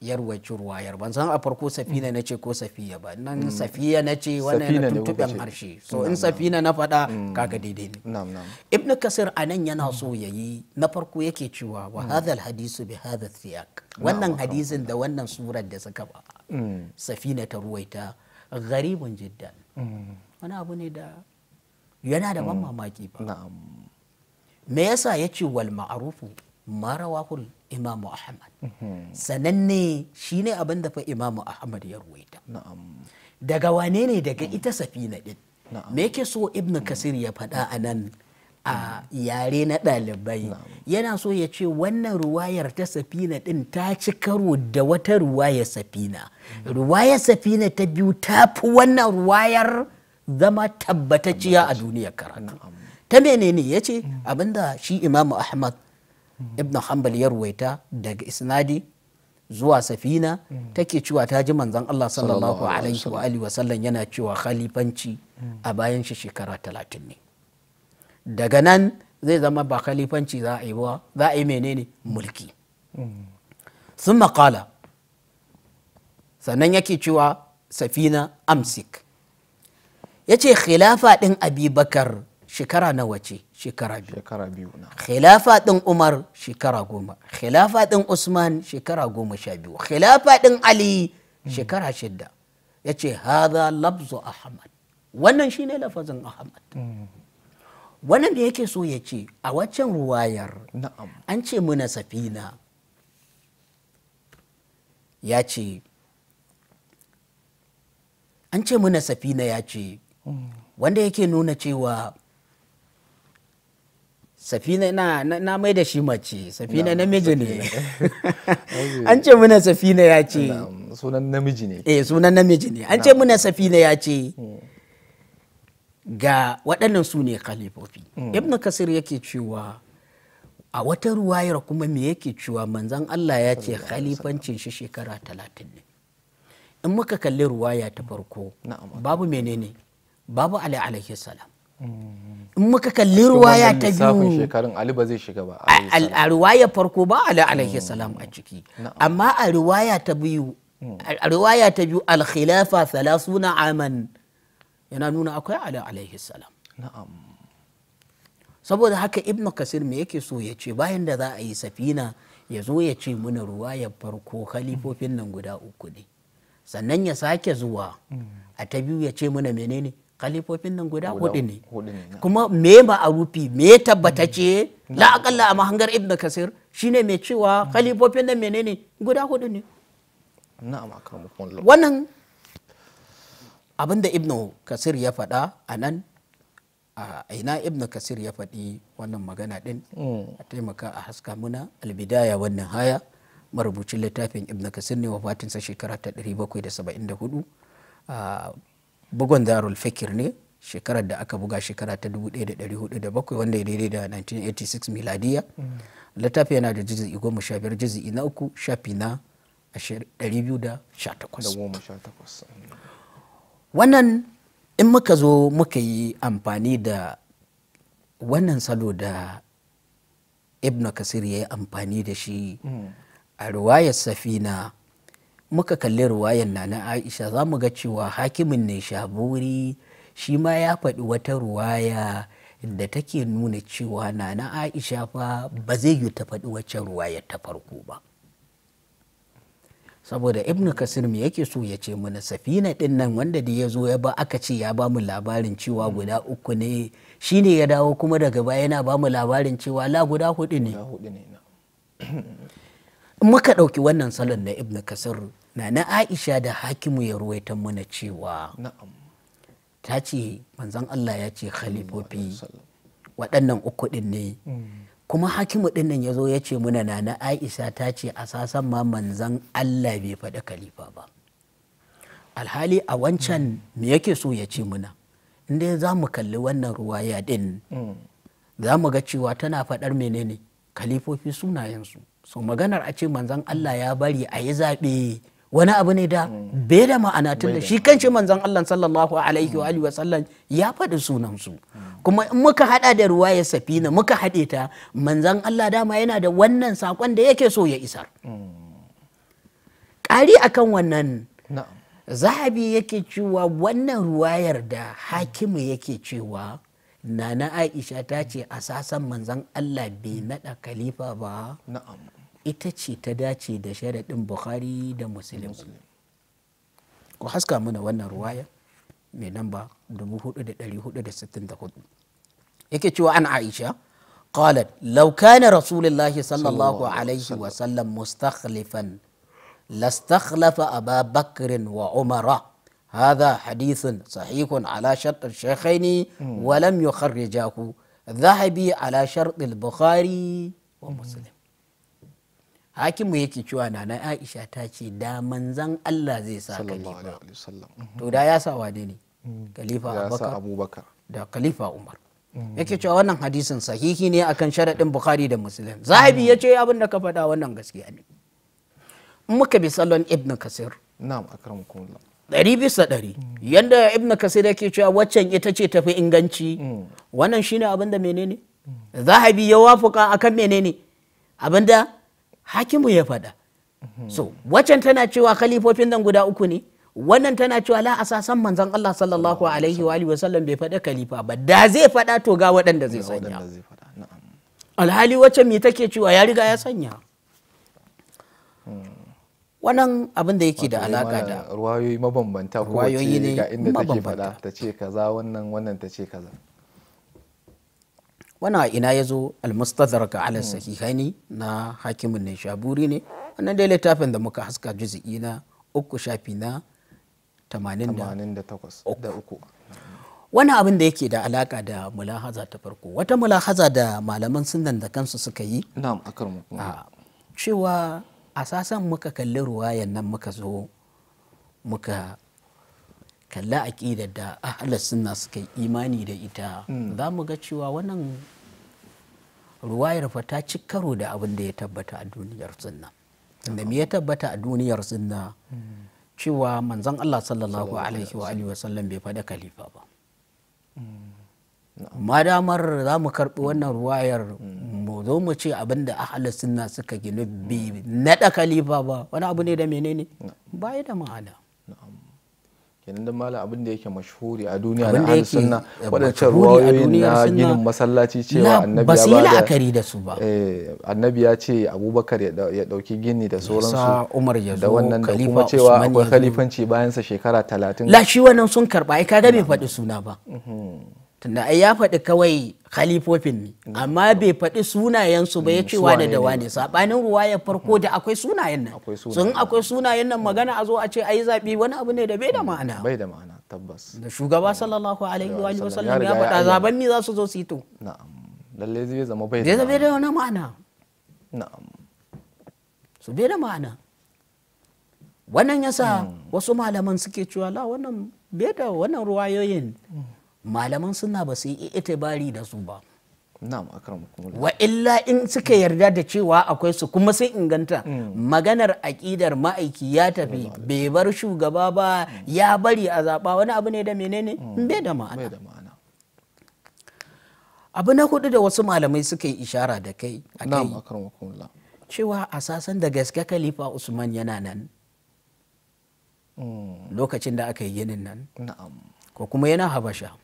yarwaci yar ban san a farko safina mm. na ce ko safiya ba nan mm. safiya na ce wannan yana tuntuɓen harshe so in safina na faɗa mm. kaga daidai ne ibn kasir a nan yana so ya yi na farko yake cewa wa hadhal hadisu bi hadha thiyak wannan hadisin da wannan surar da suka ba safina ta ruwaita garibun jiddan wani abu ne da yana da ban mamaki ba me yasa yace ce wal ma'arufu marawahul imamu ahmad mhm. sananne shi ne abin da fa imamu ahmad ya ruwaita daga wane ne daga ita safina din me yake so ibn kasir ya faɗa a nan a yare na ɗalibai yana so ya ce wannan ruwayar ta safina ɗin ta ci karo da wata Ruwaya safina mhm. ruwayar safina ta biyu ta fi wannan ruwayar zama tabbatacciya a duniyar karatu ta menene ya ce mhm. abinda shi imamu ahmad Ibnu hanbal ya ruwaita daga isnadi zuwa safina take cewa ta ji manzon Allah sallallahu alaihi wa alihi wasallam yana cewa khalifanci a bayan shi shekara talatin ne daga nan zai zama ba khalifanci za a yi ba za a yi menene mulki sun maƙala sannan yake cewa safina amsik ya ce khilafa ɗin abubakar shekara na wace shekara biyu shekara biyu na khilafa din umar shekara goma khilafa din usman shekara goma sha biyu khilafa din ali shekara shidda ya ce haza labzu ahmad wannan shine lafazin ahmad mm. wannan da yake so ya ce a waccan ruwayar an ce muna safina ya ce an ce muna safina ya ce mm. wanda yake nuna cewa safina na na mai da shi mace safina namiji ne an ce muna safina ya ce sunan namiji ne eh sunan namiji ne an ce muna safina ya ce hmm. ga waɗannan su ne khalifofi hmm. ibn kasir yake cewa a wata ruwayar kuma me yake cewa manzan Allah ya ce khalifancin shi shekara talatin ne in muka kalli ruwaya ta farko babu menene babu ali alaihi salam in muka kalli ruwaya ta biyu shekarun ali ba zai shiga ba a ruwaya farko ba ali alaihi mm. salam a ciki amma a ruwaya ta biyu mm. a ruwaya ta biyu al-khilafa na aman yana nuna akwai ali alaihi salam saboda haka ibnu kasir me yake so ya ce bayan da za a yi safina ya zo ya ce mana ruwayar farko khalifofin nan guda uku ne sannan ya sake zuwa mm. a ta biyu ya ce mana menene kalifofin nan guda hudu ne kuma me ma'arufi me tabbatace la akalla a mahangar ibn kasir shine mai cewa kalifofin nan menene guda hudu ne wannan abin ibn kasir ya faɗa a nan a ina ibn kasir ya faɗi wannan magana ɗin mm. a taimaka a haska muna albidaya wannan haya marubucin littafin ibn kasir ne wa wafatinsa shekara ta 774 bugun darul fikir ne shekarar da aka buga shekara ta 1407 wanda ya daidai da 1986 miladiya mm. littafi yana da jizi goma sha biyar jizi na uku shafi na 218 mm. wannan in muka zo muka yi amfani da wannan salo da ibn kasir ya yi amfani da shi mm. a ruwayar safina muka kalli ruwayan na na aisha za mu ga cewa hakimin ne shaburi shi ma ya faɗi wata ruwaya da take nuna cewa na na aisha fa ba zai yi ta faɗi wacce ruwaya ta farko ba saboda ibnu kasir me yake so ya ce mana safina din nan wanda da ya zo ya ba aka ce ya ba mu labarin cewa hmm. guda uku ne shine ya dawo kuma daga baya yana ba mu labarin cewa la guda hudu ne muka ɗauki wannan salon na ibn kasar na na aisha da hakimu ya ruwaita muna cewa ta ce manzan allah ya ce khalifofi waɗannan uku ɗin ne mm. kuma hakimu ɗin nan ya zo ya ce muna na na aisha ta ce a sasan ma manzan allah bai faɗi khalifa ba alhali a wancan mm. me yake so ya ce muna inda za mu kalli wannan ruwaya ɗin mm. za mu ga cewa tana faɗar menene khalifofi sunayensu so maganar a ce manzan Allah ya bari a yi zaɓe wani abu ne da bai da ma'ana tun da shi kan ce manzan Allah sallallahu alaihi wa mm. wa sallam ya faɗi sunansu kuma in muka haɗa da ruwaya safina muka haɗe ta manzan Allah dama yana da wannan sakon da yake so ya isar ƙari akan wannan zahabi yake cewa wannan ruwayar da hakimu yake cewa nana aisha ta ce a sasan manzan Allah bai naɗa kalifa ba ita ce ta dace da sharaɗin bukhari da musulun ku haska mana wannan ruwaya mai namba 4464 yake cewa an aisha qalat law kana rasulullahi sallallahu alaihi wa sallam mustakhlifan lastakhlafa aba bakrin wa umara hadha hadithun sahihun ala shart shaykhaini hmm. wa lam yukharrijahu dhahabi ala shart al-bukhari wa hmm. hakimu yake cewa nana aisha ta ce da manzan allah zai sa khalifa to da ya sa wade ne khalifa abubakar da khalifa umar yake cewa wannan hadisin sahihi ne akan sharaɗin bukhari da muslim zahabi ya ce abin da ka faɗa wannan gaskiya ne muka bi salon ibn kasir na'am akramukumullah ɗari bisa ɗari yadda ibn kasir yake cewa waccan ita ce tafi inganci mm. wannan shine abin da menene zahabi ya wafuka akan menene abin da hakimu ya faɗa so wacan tana cewa kalifofin nan guda uku ne wannan tana cewa la asasan manzon Allah sallallahu alaihi wa alihi wasallam bai faɗa kalifa ba da zai faɗa to ga waɗanda zai sanya alhali wacce me take cewa ya riga ya sanya wannan abin da yake da alaka da ruwayoyi mabambanta ko ce ga inda take faɗa ta ce kaza wannan wannan ta ce kaza wana a ina ya zo ga ala sahihaini na hakimin ne shaburi ne wannan dai littafin da muka haska juzi'i na uku shafi na 83 wani abin da yake da alaka da mulahaza ta farko wata mulahaza da malaman sunan da kansu suka yi cewa a sasan muka kalli ruwayan nan muka zo muka kalla aƙidar da ahalar sunna suka yi imani da ita hmm. za mu ga cewa wannan ruwayar fa ta ci karo da abin da ya tabbata a duniyar sunna da me ya tabbata a duniyar sunna hmm. cewa manzon Allah sallallahu alaihi wa alihi bai faɗa khalifa ba hmm. madamar za mu karɓi wannan ruwayar mu zo mu ce abin da ahalar sunna suka gina bi naɗa khalifa ba wani abu ne da menene ba ya da ma'ana kenan dan malam abin da yake mashhuri a duniya na ahlus sunna wadancan ruwayoyin na ginin masallaci cewa annabi ya ba akari da su ba eh, annabi ya ce abubakar ya dauki gini da sauransu umar ya da wannan da kuma cewa akwai khalifanci bayan sa shekara 30 la shi wannan sun karba ai kaga bai faɗi suna ba mhm. tunda ai ya faɗi kawai khalifofin ne amma bai faɗi sunayensu ba ya mm, ce wane da wane sabanin ya farko mm. da akwai sunayen nan sun akwai sunayen nan mm. magana a zo a ce ayi zaɓi wani abu ne da bai da ma'ana bai da ma'ana tabbas da shugaba sallallahu alaihi wa sallam ya faɗa zaben ni za su zo su yi to na'am lalle zai zama bai da zai da wani ma'ana na'am su bai da ma'ana wannan yasa wasu malaman suke cewa la wannan bai da wannan ruwayoyin malaman suna ba su yi itibari da su ba wa illa in suka yarda da cewa akwai su kuma sun inganta hmm. maganar aƙidar ma'aiki ya tafi bai bar shugaba ba hmm. ya bari a zaɓa wani abu ne da menene hmm. bai da ma'ana abu na hudu da wasu malamai suka yi ishara da kai kai cewa a sasan da gaske khalifa usman yana nan lokacin da aka yi yinin nan ko kuma yana habasha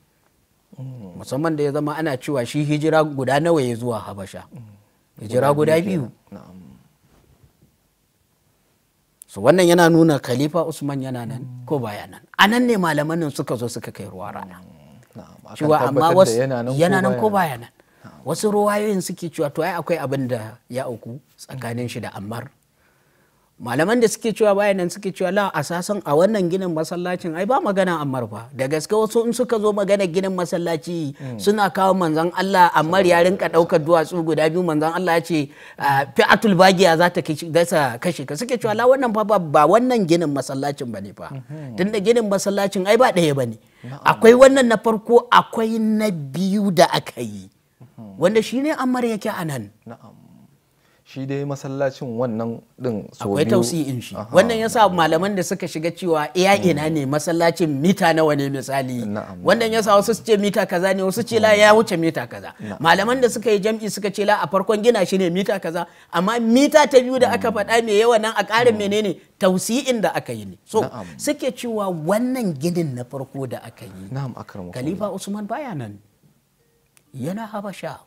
musamman da ya zama ana cewa shi hijira guda nawa ya zuwa habasha hijira guda biyu so wannan yana nuna khalifa usman yana nan ko baya nan a nan ne malaman nan suka zo suka kai ruwa rana mm, cewa amma wasu yana nan ko baya nan wasu ruwayoyin suke cewa to ai akwai abin da ya auku tsakanin shi da ammar malaman da suke cewa bayan nan suke cewa la asasan a wannan ginin masallacin ai ba magana ammar ba da gaske wasu in suka zo magana ginin masallaci hmm. suna kawo manzon Allah amma ya rinka daukar duwatsu guda biyu manzon Allah ya ce fi'atul bagiya za ta kashe ka suke cewa la wannan fa ba wannan ginin masallacin bane fa hmm. tunda ginin masallacin ai ba daya bane akwai wannan na farko akwai na biyu da aka yi hmm. wanda shine ammar yake anan na'am shi dai masallacin wannan din akwai tausiyin shi wannan ya sa malaman da suka shiga cewa iya eh, ina ne hmm. masallacin mita nawa ne misali wannan ya sa wasu ce mita kaza ne wasu ce la hmm. ya wuce mita kaza malaman da suka yi jam'i suka ce la a farkon gina shi ne mita kaza amma mita ta biyu da aka hmm. faɗa mai yawa nan a ƙarin menene tausiyin da aka yi ne so suke cewa wannan ginin na farko da aka yi na'am akramu khalifa usman baya nan yana habasha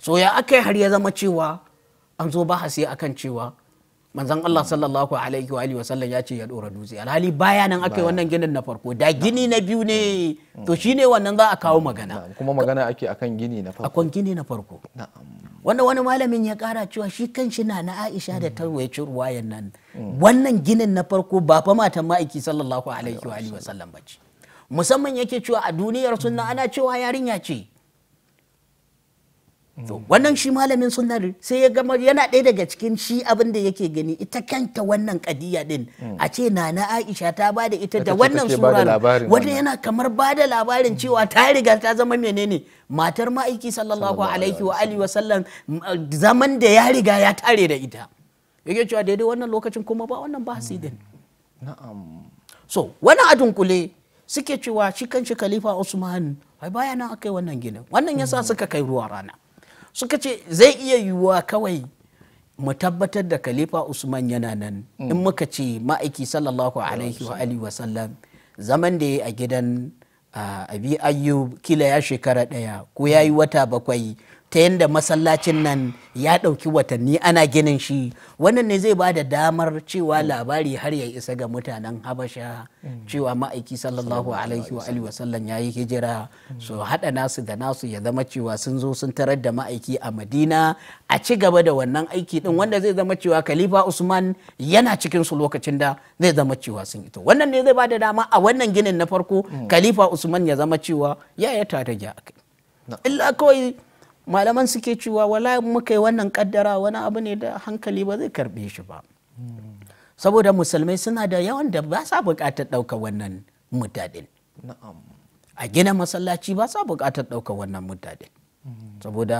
so ya aka yi har ya zama cewa an zo ba a akan cewa manzon Allah sallallahu alaihi wa wa sallam ya ce ya dora dutse alhali baya nan aka yi wannan ginin na farko da gini na biyu ne mm. to shine wannan za a kawo mm. magana kuma magana ake akan gini na farko akan gini na farko wanda wani malamin ya kara cewa shi kan shi na na Aisha da mm. ta ruwaici ruwayan nan wannan ginin na farko ba fa matan ma'aiki sallallahu alaihi wa wa sallam bace musamman yake cewa a duniyar sunna ana cewa yarinya ce wannan shi malamin sunnar sai ya gama yana ɗaya daga cikin shi abin da yake gani ita kanta wannan kadiya din mm. a ce nana aisha ta ba da ita da wannan sura wanda yana kamar ba da labarin mm. cewa ta riga ta zama menene matar ma'aiki sallallahu alaihi wa alihi wasallam mm, zaman da ya riga ya tare da ita yake cewa daidai wannan lokacin kuma ba wannan ba din na'am so wani a dunkule suke cewa shi kan shi khalifa usman ai baya nan akai wannan ginin wannan yasa suka kai ruwa rana suka ce zai iya yiwuwa kawai mu tabbatar da khalifa usman yana nan in mm. muka ce ma'aiki sallallahu alaihi wa alihi wasallam zaman da ya a gidan abi ayyub kila ya shekara ɗaya ko ya yi mm. wata bakwai ta yadda masallacin nan ya ɗauki watanni ana ginin shi wannan ne zai ba da damar cewa labari har ya isa ga mutanen habasha cewa ma'aiki sallallahu alaihi wa alihi wasallam ya yi hijira su haɗa nasu da nasu ya zama cewa sun zo sun tarar da ma'aiki a madina a ci gaba da wannan aiki din wanda zai zama cewa khalifa usman yana cikin su lokacin da zai zama cewa sun ito wannan ne zai ba da dama a wannan ginin na farko kalifa usman ya zama cewa ya ya ta illa kawai malaman suke cewa wala muka yi wannan kaddara wani abu ne da hankali ba zai karbe shi ba saboda musulmai suna da yawan da ba sa bukatar ɗauka wannan mutadin a gina masallaci ba sa bukatar ɗauka wannan mutadin mm-hmm. saboda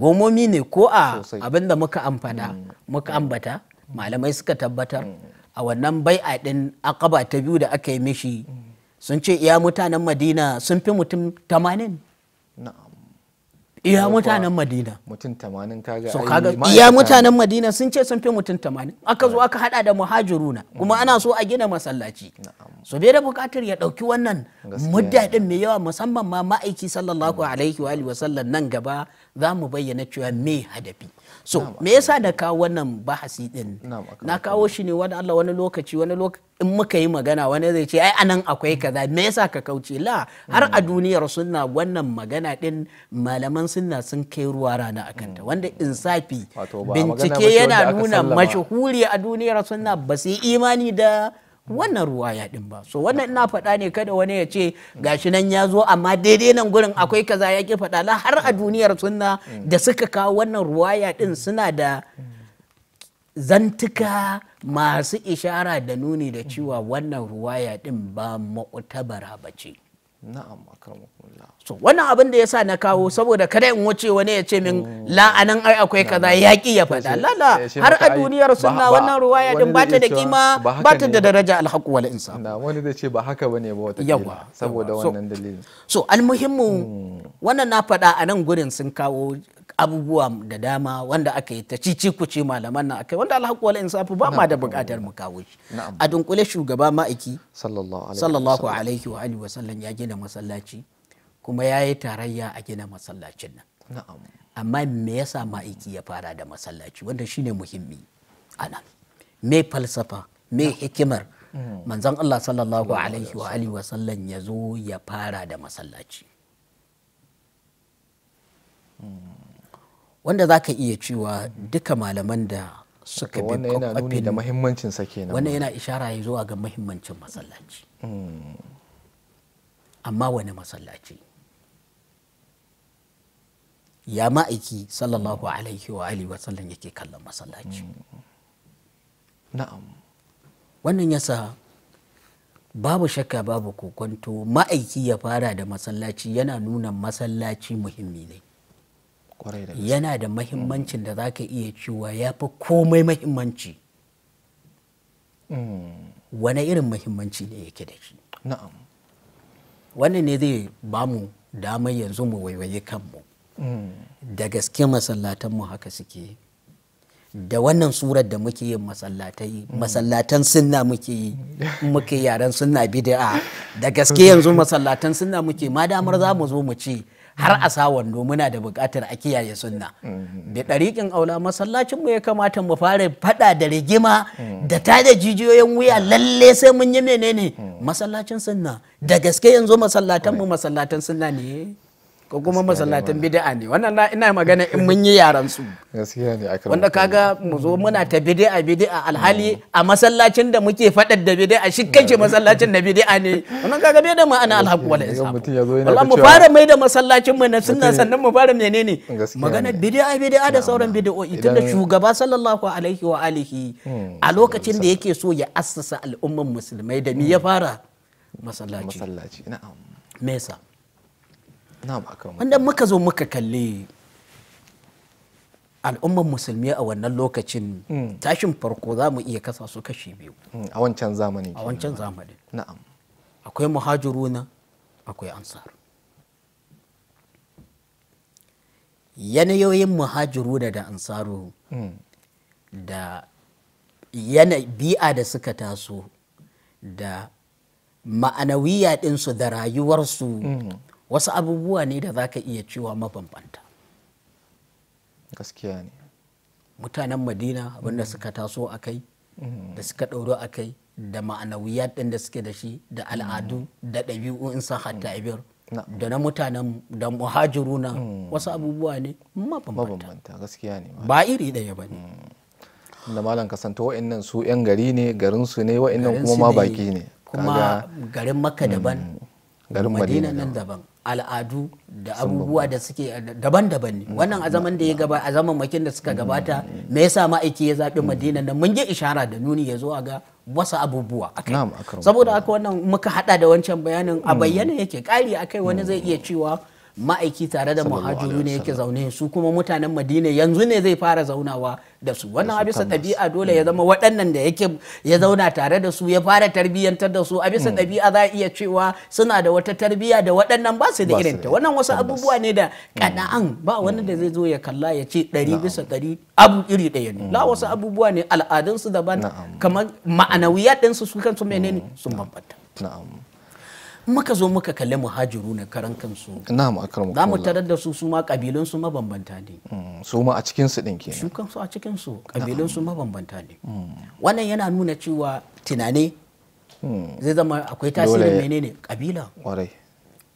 gomomi ne ko a abin da muka amfana mm. muka mm. ambata malamai suka tabbatar mm. a wannan bai a din akaba ta biyu da aka yi mishi sun ce iya mutanen madina sun fi mutum 80 iya mutanen madina mutum tamanin kaga iya mutanen madina sun ce sun fi mutum tamanin aka zo aka hada da muhajiruna kuma mm. ana so a gina masallaci so bai da bukatar ya dauki wannan muddadin mai yawa musamman ma ma'aiki sallallahu mm. alaihi wa sallam nan gaba za mu bayyana cewa me hadafi so me yasa da kawo wannan bahasi din na kawo shi ne wani Allah wani lokaci wani lokaci in muka yi magana wani zai ce ai anan akwai kaza me yasa ka kauce la har a hmm. duniyar sunna wannan magana din malaman sunna sun kai ruwa rana akan ta hmm. wanda insafi bincike yana nuna mashuhuri a duniyar sunna ba su imani da wannan ruwa ya din ba so wannan ina faɗa ne kada wani ya ce gashi nan ya zo amma daidai nan gurin akwai kaza ya ki faɗa la har a duniyar sunna da suka kawo wannan ruwa ya din suna da zantuka masu ishara da nuni da cewa wannan ruwa ya din ba ma'utabara ba ce na'am akramakumullah so wannan abin da yasa na kawo saboda kada in wuce wani ya ce min oh. la'anan ai akwai kaza yaki ya faɗa lalla har a duniyar sunna wannan ruwaya din ba ta da kima ba ta da daraja alhaqu wal insa na wani zai ce ba haka bane ba wata yawa saboda wannan dalilin so almuhimmu hmm. wannan na faɗa a nan gurin sun kawo abubuwa da dama wanda aka yi ta cici kuce malaman nan akai wanda alhaku wal insafu ba ma da bukatar mu kawo shi a dunkule shugaba ma'aiki sallallahu alaihi wa alihi wa sallam ya gina masallaci kuma ya yi tarayya a gina masallacin nan amma me yasa aiki ya fara da masallaci wanda shine muhimmi ana me falsafa me hikimar mm. manzon Allah sallallahu alaihi wa alihi wa sallam ya ya fara da masallaci mm. wanda za ka iya cewa duka malaman da suka bi wannan yana nuni da mahimmancin sa kenan wannan yana ishara ya zuwa ga mahimmancin masallaci hmm. amma wani masallaci ya ma'aiki sallallahu hmm. alaihi wa alihi wa sallam yake kallon masallaci hmm. na'am wannan yasa babu shakka babu kokonto ma'aiki ya fara da masallaci yana nuna masallaci muhimmi ne yana da mahimmancin da za ka iya cewa ya fi komai mahimmanci hmm. wane irin mahimmanci ne yake da shi wannan ne zai ba mu damar yanzu mu waiwaye kanmu hmm. da gaske masallatanmu haka suke da wannan surar da muke yin masallatai hmm. masallatan sunna muke yi muke yaren sunna bid'a da gaske yanzu masallatan sunna muke ma damar za mu zo mu ce har a sa wando muna da buƙatar a kiyaye sunna mhm. da ɗariƙin aula masallacin mu ya kamata mu fara faɗa da rigima mhm. da ta da jijiyoyin wuya mhm. lalle sai mun yi menene masallacin sunna da gaske yanzu masallatan mu masallatan sunna ne ko kuma masallatin bid'a ne wannan na ina magana in mun yi yaran su gaskiya ne akram wanda kaga mu zo muna ta bid'a bid'a alhali a masallacin da muke fadar da bid'a shi kanshi masallacin da bid'a ne wannan kaga bai da ma'ana alhaqu wal isa. Allah mu fara mai da masallacin mu na sunna sannan mu fara menene magana bid'a bid'a da sauran bid'o'i tunda shugaba sallallahu alaihi wa alihi hmm, a lokacin da yake so ya assasa al'umman musulmai da me ya fara hmm. masallaci masallaci na'am me yasa wanda muka zo muka kalli al'ummar musulmi a wannan lokacin hmm. tashin farko za mu iya kasa su kashi biyu hmm, a wancan zamani a wancan zamani na'am akwai muhajiruna akwai ansar yanayoyin muhajiruna da ansaru hmm. da yana bi'a da suka taso da ma'anawiya ɗinsu da rayuwarsu wasu abubuwa ne da za ka iya cewa mabambanta gaskiya ne mutanen madina abinda mm. suka taso a kai mm. da suka ɗauro a kai da ma'anawiyat ɗin da suke da shi da al'adu mm. da ɗabi'u in sun hatta biyar da na mutanen da muhajiruna wasu abubuwa ne mabambanta gaskiya ne ba iri ɗaya ba ne da malam kasanta wa'annan su 'yan gari ne garin su ne wa'annan kuma ma baki ne kuma garin makka daban garin madina nan daban al'adu da abubuwa da suke daban-daban ne wannan a zaman da ya gaba a zaman makin da suka gabata mm-hmm. me yasa ma'aiki ya zaɓi mm-hmm. madina nan mun yi ishara da nuni ya zo a ga wasu abubuwa saboda haka wannan muka hada da wancan bayanin a mm-hmm. bayyana yake kari akai wani zai iya cewa ma'aiki tare da muhajiru ne yake zaune su kuma mutanen madina yanzu ne zai fara zaunawa da su wannan a bisa ɗabi'a dole ya hmm. zama waɗannan da yake ya zauna tare da su ya fara tarbiyyantar da su a bisa hmm. ɗabi'a za a iya cewa suna da wata tarbiyya da waɗannan ba su da irinta wannan wasu abubuwa ne da hmm. kana'an ba wani da zai zo ya kalla ya ce ɗari bisa ɗari abu iri ɗaya ne la wasu abubuwa ne al'adunsu daban kamar ma'anawiyat ɗinsu su kansu menene sun bambanta muka zo muka kalli muhajiru na karan kansu akramu za mu tarar da su su ma kabilun su mabambanta ne mm, su ma a cikin su din kenan su kansu a cikin su kabilun su mabambanta ne mm. wannan yana nuna cewa tunane mm. zai zama akwai tasirin menene kabila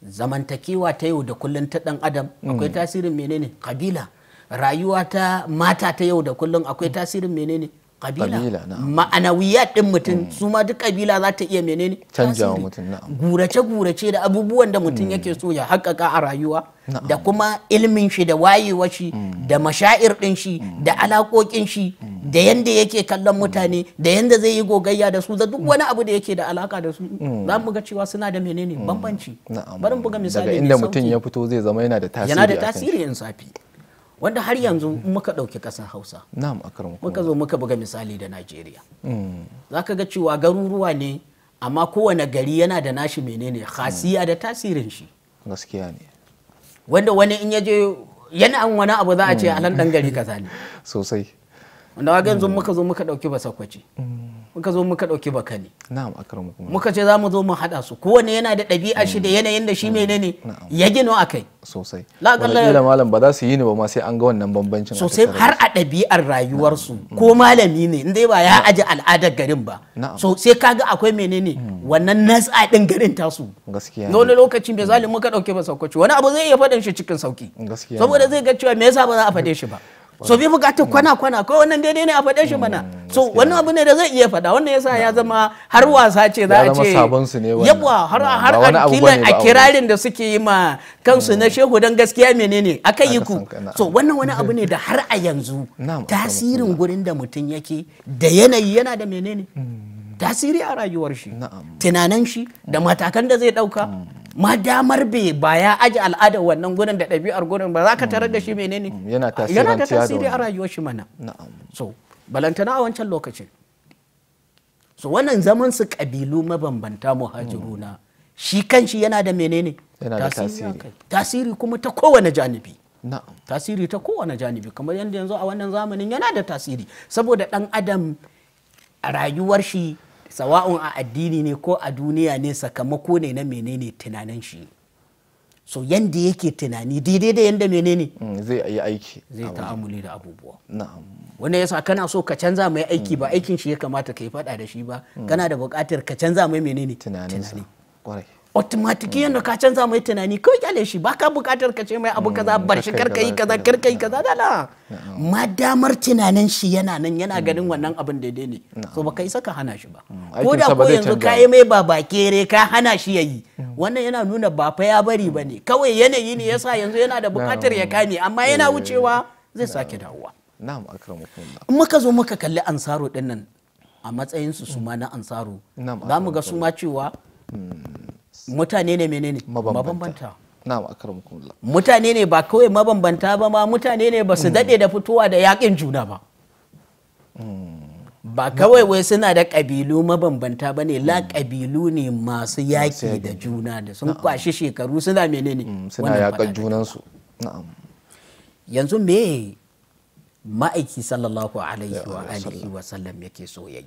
zamantakewa ta yau da kullun ta dan adam akwai tasirin menene kabila rayuwa ta mata ta yau da kullun akwai tasirin menene kabila ma'anawiyat din mutum mm. su ma duk kabila za ta iya menene canjawa mutum na gurace gurace da abubuwan da mutum mm. yake so ya haƙaƙa a rayuwa da kuma ilmin shi da wayewa shi mm. da mashair din shi da alaƙoƙin shi da yanda yake kallon mutane da yanda zai yi gogayya da su da duk wani abu da yake da alaka da su za mu ga cewa suna da menene bambanci bari mu buga misali daga inda mutum ya fito zai zama yana da tasiri yana da tasiri wanda har yanzu muka ɗauki ƙasar hausa muka zo muka buga misali da najeriya mm. za ka ga cewa garuruwa ne amma kowane gari yana da nashi menene khasiya da tasirin shi gaskiya ne wanda wani in yaje yana an wani abu za a ce mm. a nan dan gari ne sosai wanda wa yanzu mm. muka zo muka ɗauki basakwaci muka zo muka ɗauki baka na'am muka ce za mu zo mu haɗa su kowane yana da ɗabi'a shi da mm. yanayin da shi mm. menene ya gino akai sosai la'akalla malam ba za su yi ni ba ma sai an ga wannan bambancin sosai har a ɗabi'ar rayuwarsu mm. ko malami ne in dai ba ya aji al'adar garin ba so sai kaga akwai menene wannan nasa ɗin garin tasu gaskiya ne wani lokaci mai zalimi muka ɗauke ba saukaci wani abu zai iya faɗin shi cikin sauki saboda zai ga cewa me yasa ba za a faɗe shi ba so bai bukatar kwana kwana ko wannan daidai ne a faɗe shi mm, mana so wannan abu ne da zai iya faɗa wannan yasa ya zama har wasa ce za a ce yabwa har har a kirarin da suke yi ma kansu na mm. shehu dan gaskiya menene aka yi ku so wannan wani abu ne da har a yanzu tasirin gurin da mutum yake da yanayi yana da menene mm. tasiri a rayuwar shi tunanin shi da matakan da zai ɗauka madamar bai ba ya aji al'ada wannan gudun da ɗabi'ar gudun ba za ka tarar da shi menene mm, yana da tasiri a rayuwar shi mana so balantana a wancan lokacin so wannan zaman su kabilu mabambanta muhajiruna mm. shi kan shi yana da menene tasiri tasiri kuma ta kowane janibi tasiri ta kowane janibi kamar yadda yanzu a wannan zamanin yana da tasiri saboda dan adam a rayuwar shi sawa'un a addini ne ko a duniya ne sakamako ne na menene tunanin shi so yanda yake tunani daidai da yanda menene mm, zai yi aiki zai ta'amuli da abubuwa na'am wanda yasa kana so ka canza mai aiki ba mm. aikin shi ya kamata ka yi fada da shi ba mm. kana da bukatar ka canza mai menene tunani automatiki yadda ka canza mai tunani kawai kyale shi baka bukatar ka ce mai abu kaza mm, bar shi karka yi kaza karka yi kaza da la madamar tunanin shi yana nan yana mm. ganin wannan abin daidai ne so baka isa ka hana shi ba mm, ko da ko yanzu ka yi mai baba kere ka hana shi yayi wannan yana nuna ba fa ya bari ba ne kawai yanayi ne yasa yanzu yana da bukatar ya kame amma yana eh. wucewa zai sake dawowa na'am akramukum in muka zo muka kalli ansaro dinnan a matsayin su su ma na ansaro zamu ga su ma cewa hmm. mutane ne menene mabambanta na'am Allah mutane ne ba kawai mabambanta ba ma mutane ne ba su mm. dade da fitowa da yakin juna ba mm. ba kawai wai suna da kabilu mabambanta ba ne la kabilu mm. ne masu yaki da juna da sun kwashi shekaru suna menene suna yaƙar junansu yanzu me ma'aiki sallallahu alaihi wa alihi wa sallam yake so yayi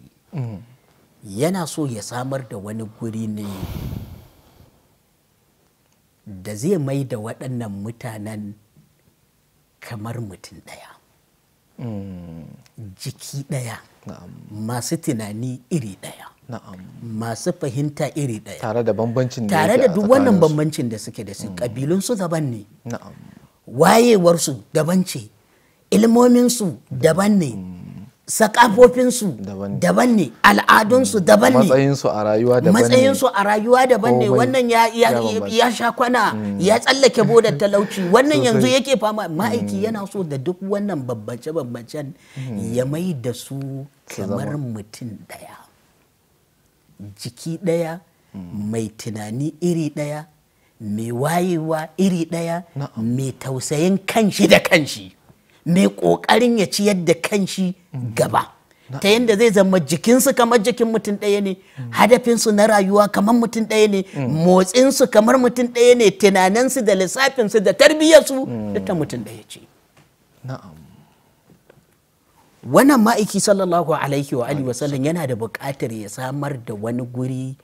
yana so ya samar da wani guri ne da zai mai da waɗannan mutanen kamar mutum ɗaya mm. jiki ɗaya masu tunani iri ɗaya masu fahimta iri ɗaya tare da bambancin tare da duk wannan bambancin da suke da su mm. ƙabilunsu daban ne wayewarsu daban ce ilmominsu daban ne mm. sakafofinsu daban ne al'adunsu mm. daban ne matsayinsu a rayuwa daban ne wannan ya sha kwana mm. ya tsallake bodar talauci wannan yanzu yake fama ma'aiki mm. yana so da duk wannan babbance babbacen ya mai da su kamar mutum daya jiki daya mai tunani iri daya mai wayewa iri daya mai tausayin kanshi da kanshi mai kokarin ya ciyar da kanshi gaba ta yadda zai zama jikinsu kamar jikin mutum ɗaya ne hadafinsu na rayuwa kamar mutum ɗaya ne motsinsu kamar mutum ɗaya ne tunaninsu da lissafinsu da tarbiyyarsu da mutum ɗaya ce wannan ma'aiki sallallahu alaihi wa alihi wasallam yana da buƙatar ya samar da wani guri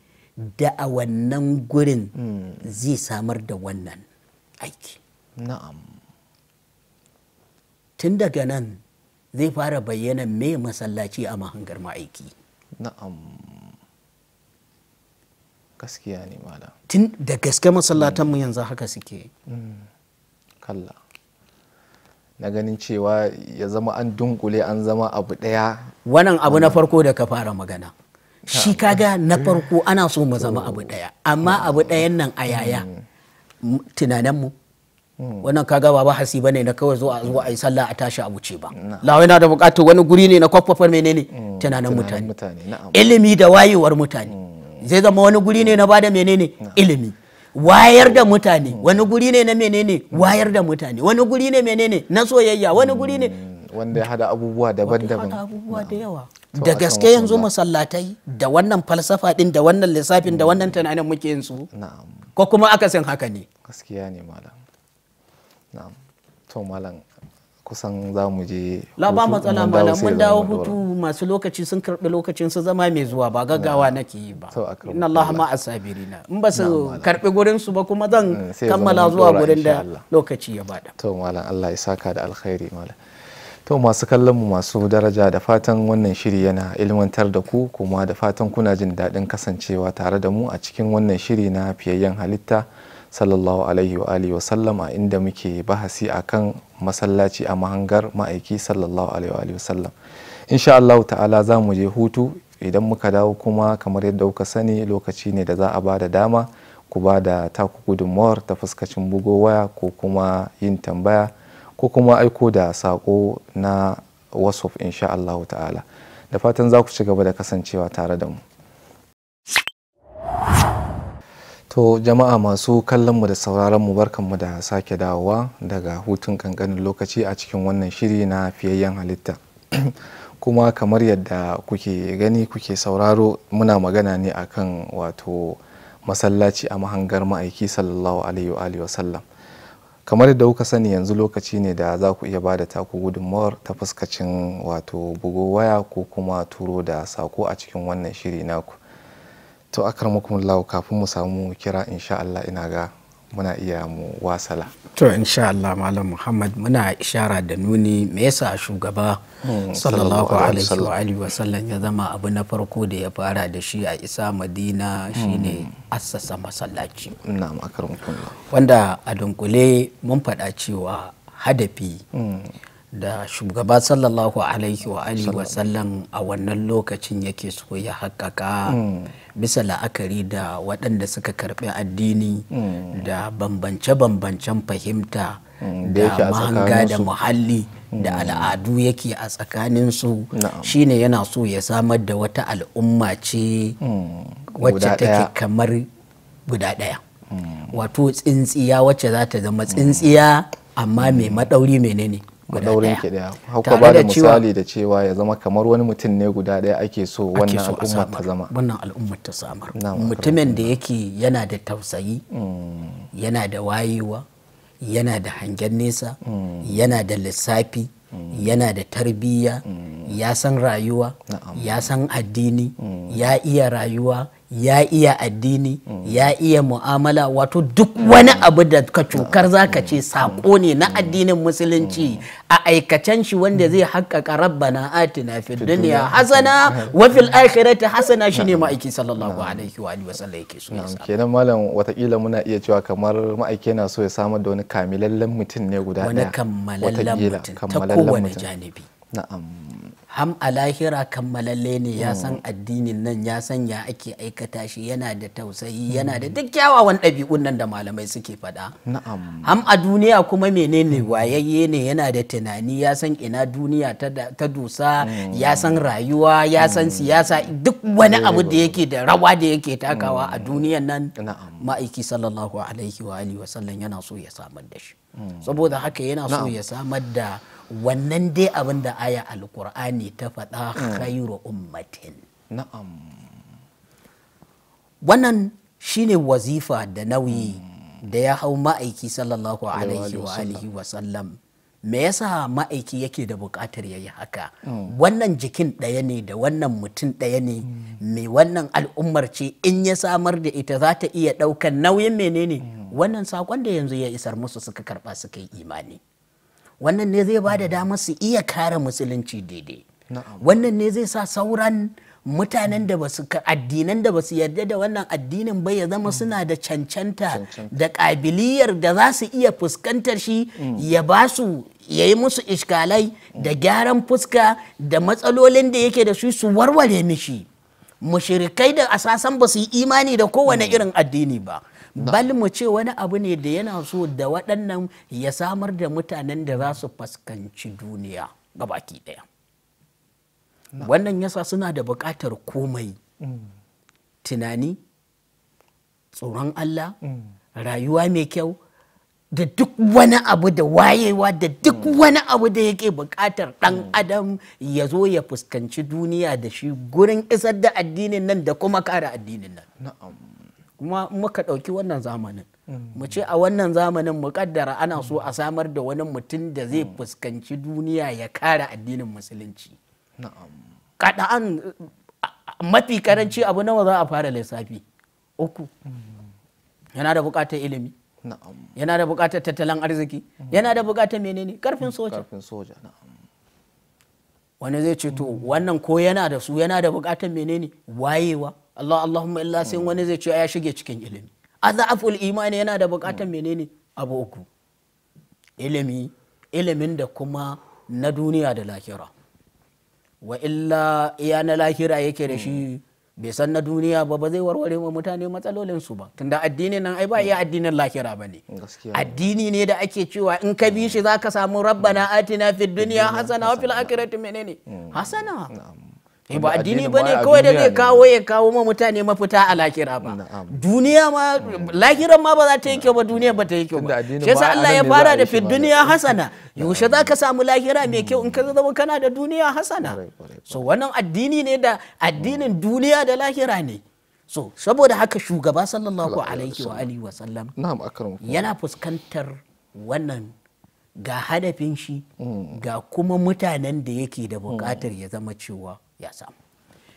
da a wannan gurin mm. zai samar da wannan aiki na'am tun daga nan zai fara bayyana me masallaci a mahangar ma'aiki na'am gaskiya ne mala tun da gaske masallatanmu yanzu haka suke mm. kalla na ganin cewa ya zama an dunkule an zama abu ɗaya wannan abu na mm. farko da ka fara magana shi kaga na farko ana so mu zama abu ɗaya amma abu ɗayan nan a yaya mm. tunaninmu Hmm. wannan kaga ba hasi bane na kawai zo a zo a yi sallah a tashi a wuce ba lawai na da bukatar wani guri ne na kwakwafa menene hmm. tunanin mutane ilimi da wayewar mutane hmm. zai zama wani guri ne na bada menene ilimi wayar da mutane wani guri ne na menene wayar da mutane wani guri ne menene na soyayya wani guri ne wanda ya hada abubuwa daban-daban da da gaske yanzu masallatai da wannan falsafa din da wannan lissafin da wannan tunanin muke yin su ko kuma akasin haka ne gaskiya ne malam na'am to malam kusan za mu je ba matsala malam mun dawo hutu masu lokaci sun karbi lokacin su zama mai zuwa ba gaggawa nake yi ba inna Allah ma asabirina in ba su karbi gurin su ba kuma zan mm, kammala zuwa gurin da lokaci ya bada to malam Allah ya saka da alkhairi malam to masu kallon mu masu daraja da fatan wannan shiri yana ilmantar da ku kuma da fatan kuna jin daɗin kasancewa tare da mu a cikin wannan shiri na fiyayyen halitta sallallahu alaihi wa alihi a inda muke bahasi akan masallaci a mahangar ma'aiki sallallahu alaihi wa alihi sallam insha Allah ta'ala za mu je hutu idan muka dawo kuma kamar yadda kuka sani lokaci ne da za a ba da dama ku ba da taku gudunmawar ta fuskacin bugo waya ko kuma yin tambaya ko kuma aiko da sako na wasof insha Allah ta'ala da fatan za ku ci gaba da kasancewa tare da mu To jama'a masu kallonmu da sauraronmu barkanmu da sake dawowa daga hutun kankanin lokaci a cikin wannan shiri na fiyayyen halitta. Kuma kamar yadda kuke gani kuke sauraro muna magana ne akan wato masallaci a mahangar ma'aiki sallallahu alaihi wa sallam. Kamar yadda kuka sani yanzu lokaci ne da za ku iya ba da taku gudunmawar ta fuskacin wato bugo waya ko kuma turo da sako a cikin wannan shiri naku. to a Lawu kafin mu samu kira insha Allah ina ga muna iya mu wasala. To insha Allah Malam Muhammad muna ishara da nuni me yasa shugaba hmm, sallallahu alaihi wa sallam ya zama abu na farko da ya fara da shi a isa Madina shine hmm. assasa masallaci. Na'am Wanda a dunkule mun faɗa cewa hadafi hmm. da shugaba sallallahu alaihi wa alihi wa sallam a wannan lokacin yake so ya haƙaƙa mm. bisa la'akari da waɗanda suka karɓi addini mm. da bambance-bambancen fahimta mm, da mahanga da muhalli da al'adu yake a tsakaninsu shine yana so ya samar da wata al'umma ce wacce take kamar guda ɗaya wato tsintsiya wacce za ta zama tsintsiya amma mai maɗauri menene madaurin ki daya hauka ba da misali da cewa ya zama kamar wani mutum ne guda daya ake so wannan al'ummar ta zama wannan al'ummar ta samar mutumin da yake yana da tausayi mm. yana da wayewa yana da hangen nesa mm. yana da lissafi mm. yana da tarbiyya ya san rayuwa ya san addini ya iya rayuwa ya iya addini mm. ya iya mu'amala wato duk wani abu da ka cokar zaka ce sako ne na mm. addinin musulunci mm. a aikacen shi wanda zai haƙƙaƙa rabbana atina fi duniya hasana wa fil akhirati hasana shine ma'aiki sallallahu alaihi wa alihi wa sallam yake so kenan malam watakila muna iya cewa kamar ma'aiki na so ya samar da wani kamilallen mutum ne guda ɗaya wani kammalallen mutum ta kowane janibi na'am ham a lahira kammalalle ne ya san addinin nan ya san ya ake aikata shi yana da tausayi yana da duk kyawawan ɗabi'un nan da malamai suke faɗa ham a duniya kuma menene wayayye ne yana da tunani ya san ina duniya ta dusa ya mm. san rayuwa ya san mm. siyasa duk wani abu da yake da rawa da yake takawa a mm. duniyan nan ma'aiki sallallahu alaihi wa alihi wasallam yana so ya samar da shi saboda haka yana so ya samar da wannan dai abin da aya alkur'ani Qur'ani ta faɗa mm. khairu ummatin na'am wannan shine wazifa da nauyi mm. da ya hau ma'aiki sallallahu alaihi wa alihi wa sallam me yasa ma'aiki yake da buƙatar yayi haka mm. wannan jikin ɗaya ne da wannan mutum ɗaya ne Me wannan al'ummar ce in ya samar da ita za ta iya ɗaukar nauyin menene wannan saƙon da yanzu ya isar musu suka karɓa suka yi imani wannan ne zai ba da damar su iya kare musulunci daidai wannan ne zai sa sauran mutanen da basu addinan da basu yarda da wannan addinin ba ya zama suna da cancanta da kabiliyar da za su iya fuskantar shi mm. ya ba su ya yi musu iskalai da gyaran fuska da matsalolin da yake da su su warware mishi mushirikai da asasan ba su yi imani da kowane mm. irin addini ba bal mu ce wani abu ne da yana so da waɗannan ya samar da mutanen da za su fuskanci duniya gabaki ɗaya wannan yasa suna da bukatar komai mm. tunani tsoron Allah mm. rayuwa mai kyau da duk wani abu da wayewa da duk mm. wani abu da yake bukatar ɗan adam ya zo ya fuskanci duniya da shi gurin isar da addinin nan da kuma kara addinin nan kuma muka ɗauki wannan zamanin mu ce a wannan zamanin mu muƙaddara ana so a samar da wani mutum da zai fuskanci duniya ya kara addinin musulunci kada'an mafi karanci abu nawa za a fara lissafi uku hmm. yana da buƙatar ilimi yana da buƙatar tattalin arziki hmm. yana da buƙatar menene karfin hmm, soja wani zai ce to wannan ko yana da su yana da buƙatar menene wayewa Allah Allahumma illa sai wani zai ce ya shige cikin ilimi azaful imani yana da buƙatar menene abu uku ilimi ilimin da kuma na duniya da lahira wa illa iya na lahira yake da shi hmm. bai san na duniya ba ba zai warware wa mutane matsalolin su ba tunda addini nan ai ba iya addinin lahira ba ne addini ne da ake cewa in ka bi shi za ka samu rabbana atina fid duniya hasana wa fil akhirati menene hmm. hasana Eh, ba addini ba ne kawai da zai kawo ya kawo ma mutane mafita a lakira ba duniya ma lakiran ma ba za ta yi kyau ba duniya ba ta yi kyau ba shi yasa Allah ya fara da fid duniya hasana yaushe za ka samu lahira mai kyau in ka zama kana da duniya hasana so wannan addini ne da addinin duniya da lahira ne so saboda haka shugaba sallallahu alaihi wa alihi wa sallam yana fuskantar wannan ga hadafin shi mm. ga kuma mutanen da yake da bukatar ya zama cewa ya samu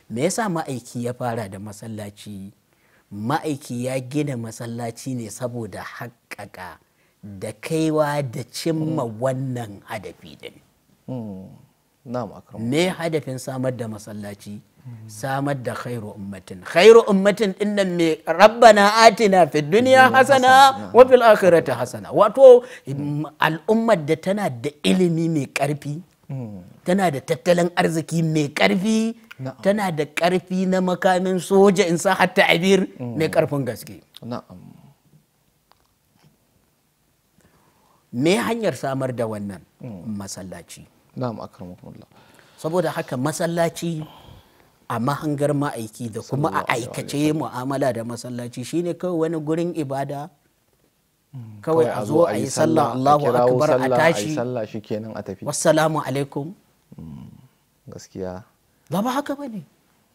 me yasa ma'aiki ya fara da masallaci ma'aiki ya gina masallaci ne saboda haƙaƙa da kaiwa da cimma wannan hadafi din hmm. me hadafin samar da masallaci samar da khairu ummatin khairu ummatin din me rabbana atina fi dunya hasana wa fil akhirati hasana wato al'ummar da tana da ilimi mai karfi tana da tattalin arziki mai karfi tana da karfi na makamin soja in sa hatta abir mai karfin gaske me hanyar samar da wannan masallaci saboda haka masallaci a mahangar ma'aiki da kuma a aikace mu'amala da masallaci shine kawai wani gurin ibada kawai a zo a yi sallah Allahu akbar a tashi sallah shikenan a tafi wassalamu alaikum mm, gaskiya ba ba haka bane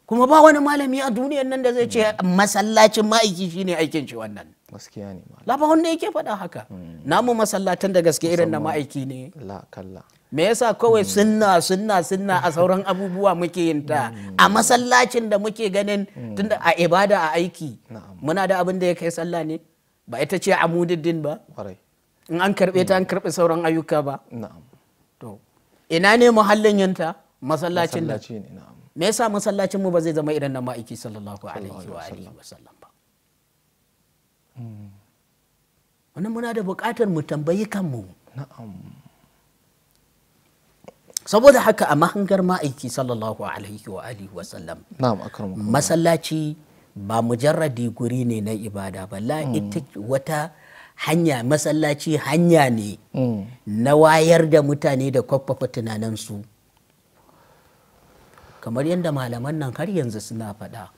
kuma ba wani malami a duniyar nan da zai ce masallacin ma'aiki shine aikin shi wannan gaskiya ne la ba wanda yake faɗa haka mm. namu masallatan da gaske irin na ma'aiki ne la kalla me yasa kawai mm. sunna sunna sunna a sauran abubuwa muke yin ta a masallacin da muke ganin tunda a ibada a aiki muna da abin da ya kai sallah ne ba ita ce amududdin ba in an karɓe ta an karɓe sauran ayyuka ba to ina ne muhallin yanta masallacin da me yasa masallacin mu ba zai zama irin na ma'aiki sallallahu alaihi wa alihi wa sallam ba hmm. wannan muna da buƙatar mu tambayi kanmu saboda haka a mahangar ma'aiki sallallahu alaihi wa alihi wa sallam masallaci ba mujarradi guri ne na ibada ba la mm. ita wata hanya masallaci hanya ne mm. na wayar da mutane da kwakwafa tunaninsu kamar yadda malaman nan har yanzu suna faɗa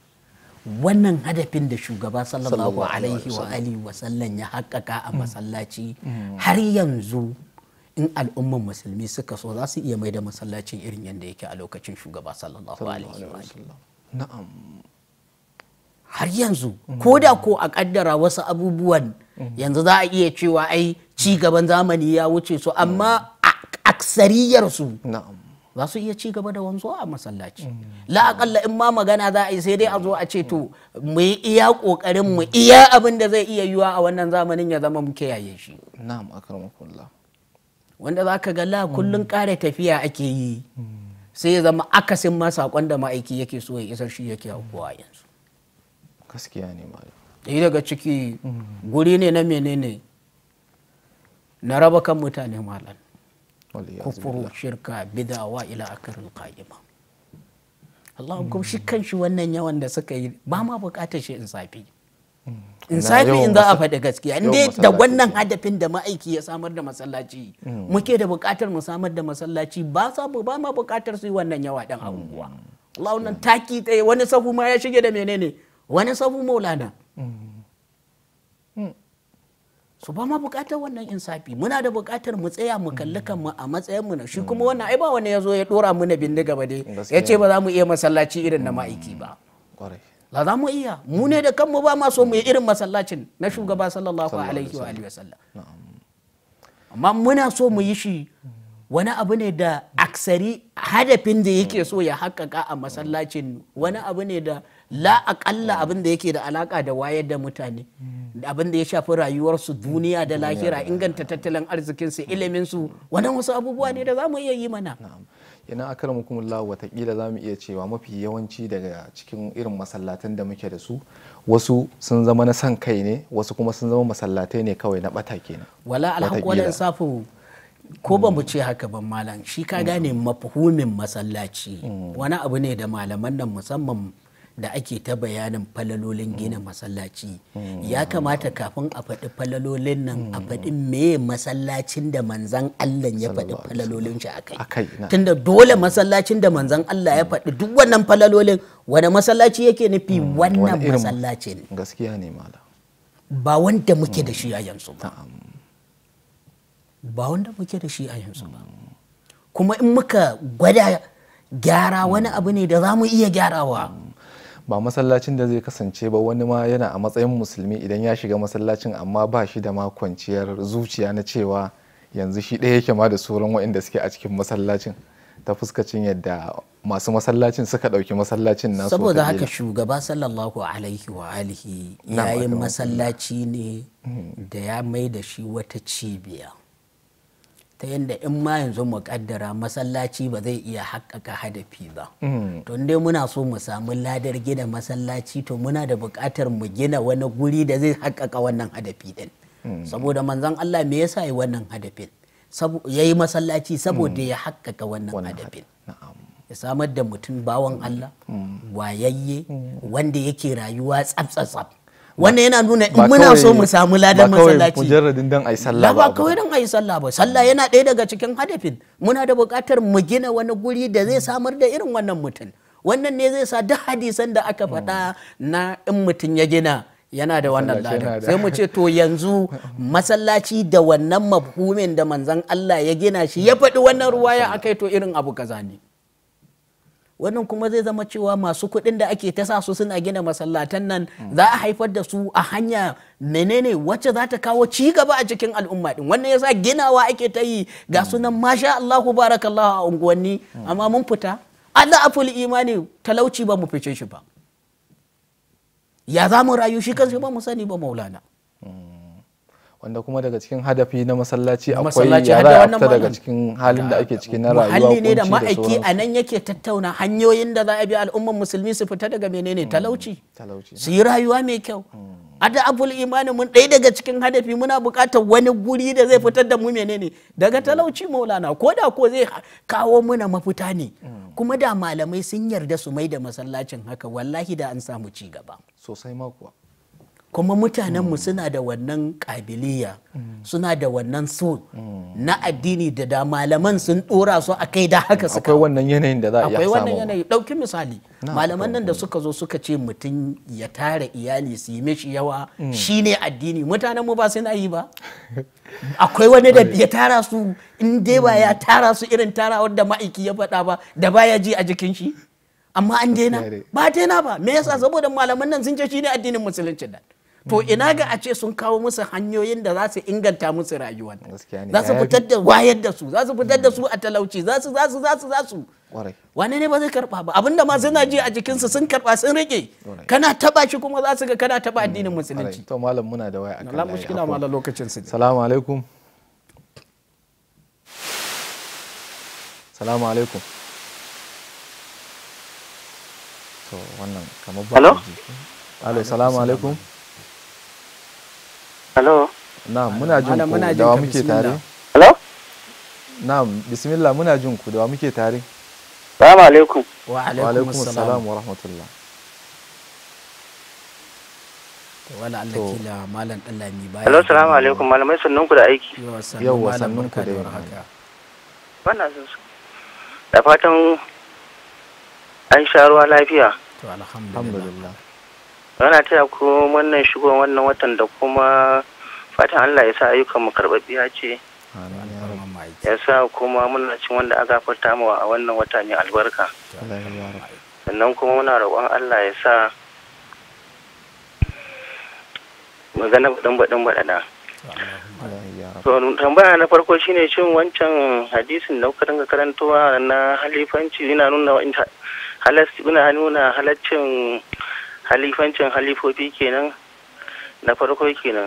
wannan hadafin da shugaba sallallahu alaihi wa alihi ya haƙaƙa a mm. masallaci har yanzu in al'umman musulmi suka so za su iya mai da masallacin irin yadda yake a lokacin shugaba sallallahu alaihi wa na'am har yanzu ko da ko a kaddara wasu abubuwan yanzu za a iya cewa ai ci gaban zamani ya wuce su amma aksariyar su za su iya ci gaba da wanzuwa a masallaci la'akalla in ma magana za a yi sai dai a zo a ce to mu yi iya kokarin mu iya abin da zai iya yiwa a wannan zamanin ya zama mu kiyaye shi na'am akramakullah wanda za ka ga la kullun kare tafiya ake yi sai ya zama akasin ma sakon da ma'aiki yake so ya isar shi yake haukowa yanzu gaskiya ne malam daga ciki guri ne na menene na raba kan mutane malam kufuru shirka bidawa ila akirin qa'ima Allah kuma shi kanshi wannan yawan da suka yi ba ma bukatar shi in safi mm. in in za a faɗi gaskiya in da wannan hadafin da ma'aiki ya samar da masallaci mm. muke da bukatar mu samar da masallaci ba sa ba ma bukatar su yi wannan yawa dan abubuwa mm. Allah wannan taki tsaye wani sahu ma ya shige da menene Wani sabu maulana mm. su ba ma bukatar wannan insafi muna da bukatar mu tsaya mu kalli mm. kanmu a matsayin mu na shi mm. kuma wannan ai ba wani ya zo ya dora mu na bindiga ba dai ya ce ba za mu iya masallaci irin na ma'aiki ba la za mu iya mu ne da kanmu ba ma so mu yi irin masallacin na shugaba sallallahu alaihi wa alihi wasallam amma muna so mu yi shi wani abu ne da aksari hadafin da yake so ya haƙaƙa a masallacin wani abu ne da la aƙalla abin da yake da alaƙa da wayar da mutane abin da ya shafi rayuwarsu duniya da lahira inganta tattalin arzikinsu iliminsu wannan wasu abubuwa ne da za mu iya yi mana ina kuma Allah watakila za mu iya cewa mafi yawanci daga cikin irin masallatan da muke da su wasu sun zama na san kai ne wasu kuma sun zama masallatai ne kawai na bata kenan wala alhaq wala insafu ko ba mu ce haka ban malam shi ka gane mafuhumin masallaci wani abu ne da malaman nan musamman da ake ta bayanin falalolin gina masallaci ya kamata kafin a faɗi falalolin nan a faɗi meye masallacin da manzan Allah ya faɗi falalolin shi akai tunda dole masallacin da manzan Allah ya faɗi duk wannan falalolin wani masallaci yake nufi hmm, wannan masallacin gaskiya ne malam ba wanda muke da shi a yanzu ba ba wanda muke da shi a yanzu ba kuma in muka gwada gyara wani abu ne da za mu iya gyarawa ba masallacin da zai kasance ba wani ma yana a matsayin musulmi idan ya shiga masallacin amma ba shi da ma kwanciyar zuciya na cewa yanzu shi ɗaya yake ma da sauran waɗanda suke a cikin masallacin ta fuskacin yadda masu masallacin suka ɗauki masallacin nasu saboda haka shugaba sallallahu alaihi wa alihi yayin masallaci ne mm. da ya mai da shi wata cibiya ta yadda in ma yanzu mu kaddara masallaci ba zai iya haƙƙaƙa hadafi ba mm. to dai muna so mu samu ladar gina masallaci to muna da buƙatar mu gina wani guri da zai haƙƙaƙa wannan hadafi din mm. saboda manzon Allah me yasa yi wannan hadafin ya masallaci saboda mm. ya haƙƙaƙa wannan hadafin ya samar da mutum bawan Allah wayayye wanda yake rayuwa tsaf wannan yana nuna in muna so mu samu ladan masallaci ba sallah ba kawai dan ayi sallah ba sallah yana ɗaya daga cikin hadafin muna da buƙatar mu gina wani guri da zai samar da irin wannan mutum wannan ne zai sa duk hadisan da aka faɗa na in mutum ya gina yana da wannan ladan sai mu ce to yanzu masallaci da wannan mafhumin da manzon Allah ya gina shi ya faɗi wannan ruwaya akai to irin abu kaza ne wannan kuma zai zama cewa masu kuɗin da ake ta sa su suna gina masallatan nan za a haifar da su a hanya menene wacce za ta kawo ci gaba a cikin al'umma din wannan yasa ginawa ake ta yi ga sunan masha Allahu barakallahu a unguwanni amma mun fita Allah aful imani talauci ba mu fice shi ba ya za mu rayu shi kansa ba mu sani ba maulana wanda kuma daga cikin hadafi na masallaci akwai yara fita daga cikin halin da ake ciki na rayuwa muhalli ne da ma'aiki a nan yake tattauna hanyoyin da za a bi al'umman musulmi su fita daga menene mm, talauci su yi rayuwa mai kyau mm. ada abul imani mun ɗaya daga cikin hadafi muna buƙatar wani guri da zai fitar da mu menene daga mm. talauci maulana ko da ko zai kawo muna mafita ne kuma da malamai sun yarda su mai da masallacin haka wallahi da an samu ci gaba sosai ma kuwa kuma mutanenmu suna da wannan kabiliya, suna da wannan so na addini da da malaman sun ɗora su a kai da haka suka akwai wannan yanayin da za a akwai wannan yanayi dauki misali malaman nan da suka zo suka ce mutum ya tara iyali su yi mishi yawa mm. shine addini mutanenmu ba suna yi ba akwai wani da ya tara su in dai ba ya mm. tara su irin tara wanda ma'aiki ya faɗa ba da baya ji a jikin shi amma an daina ba daina ba me yasa saboda malaman nan sun ce shine addinin musulunci nan to ina ga a ce sun kawo musu hanyoyin da za su inganta musu rayuwa za su fitar da wayar da su za su fitar da su a talauci za su za su za su za su wane ne ba zai karba ba abinda ma suna ji a jikinsu sun karba sun rike kana taba shi kuma za su ga kana taba addinin mm, musulunci to malam muna da waya akan Allah mushkila ma lokacin su salamu alaikum salamu alaikum to wannan kamar ba Hello? salamu alaikum. Hello. Na muna jin ku da wa muke tare. Hello. Na bismillah muna jin ku da wa muke tare. Assalamu alaikum. Wa alaikum assalam wa rahmatullah. wala Allah kila malam Allah mi baya. Hello assalamu alaikum malamai sannan ku da aiki. Yau wa sannun ku da haka. Bana son su. Da fatan an sha ruwa lafiya. To alhamdulillah. Ana taya ku wannan shigo wannan watan da kuma fatan Allah ya sa ayyukan mu karɓaɓɓiya ce. Ya sa kuma muna cin wanda aka furta mawa a wannan wata ne albarka. Sannan kuma muna roƙon Allah ya sa magana baɗin baɗin baɗaɗa. To tambaya na farko shine cin wancan hadisin da kuka dinga karantowa na halifanci ina nuna halaccin halifancin halifofi kenan na farko kenan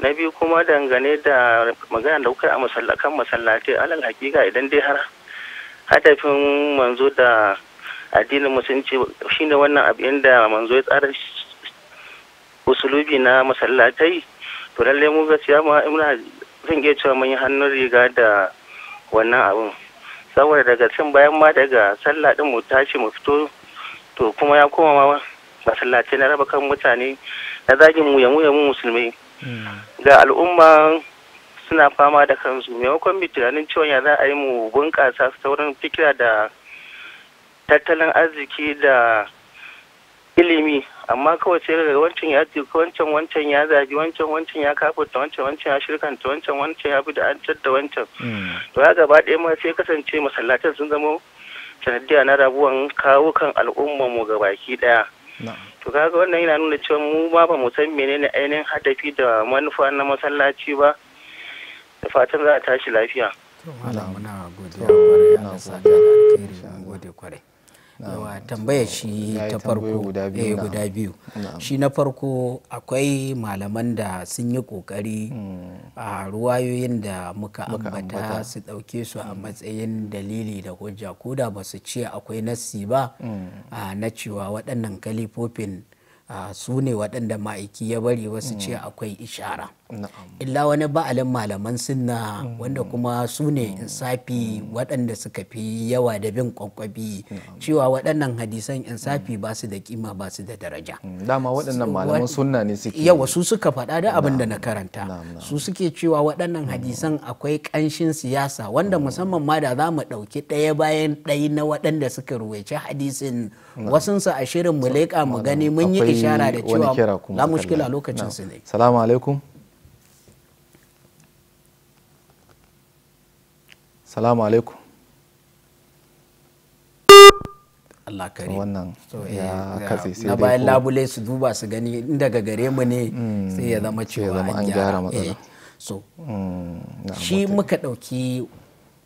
na biyu kuma dangane da magana da kuka a masallakan masallatai alal hakika idan dai har hadafin manzo da addinin musulunci shine wannan abu inda manzo ya tsara usulubi na masallatai to lallai mu gaskiya ma ina zan iya cewa mun yi hannun riga da wannan abun saboda daga cin bayan ma daga sallah din mu tashi mu fito to kuma ya koma ma masallaci na raba kan mutane na zagin mu yamu yamu musulmai hmm. ga al'umma suna fama da kansu maimakon mu tunanin cewa ya za a yi mu bunƙasa sauran fikira da tattalin arziki da ilimi amma kawai sai daga wancan ya wancan wancan ya zagi wancan wancan ya kafurta wancan wancan ya shirkanta wancan wancan ya bi da an da wancan hmm. to ya gaba ɗaya ma sai kasance masallatan sun zama sanadiyya na rabuwan kawukan al'ummar mu ga baki ɗaya to kaga wannan yana nuna cewa mu ba ba mu san menene ainihin hadafi da manufa na masallaci ba da fatan za a tashi lafiya. Allah muna godiya kwarai yana sa da alkhairi mun gode kwarai. tambayar shi ta farko guda biyu eh, shi na farko akwai malaman da sun yi kokari hmm. a ruwayoyin da muka ambata su dauke su a hmm. matsayin dalili da hujja ko da ba su ce akwai nassi ba hmm. na cewa waɗannan kalifofin su ne waɗanda ma'aiki ya bari wasu ce mm. akwai ishara illa wani ba'alin malaman sunna mm. wanda kuma su ne mm. insafi waɗanda suka fi yawa da bin kwakwabi cewa waɗannan hadisan insafi ba su da kima ba su da daraja dama waɗannan malaman sunna ne suke yawa su suka faɗa da abin da na karanta su suke cewa waɗannan hadisan akwai ƙanshin siyasa wanda musamman ma da za mu ɗauki ɗaya bayan ɗaya na waɗanda suka ruwaice hadisin wasunsa a shirin mu leƙa mu gani mun yi ishara da cewa la mushkila lokacin su ne salamu alaikum salamu alaikum Allah kare wannan eh, ya katse sai dai. na bayan labule su duba su gani inda ga gare mu ne mm, sai ya zama cewa an gyara matsala eh, so mm, shi muka dauki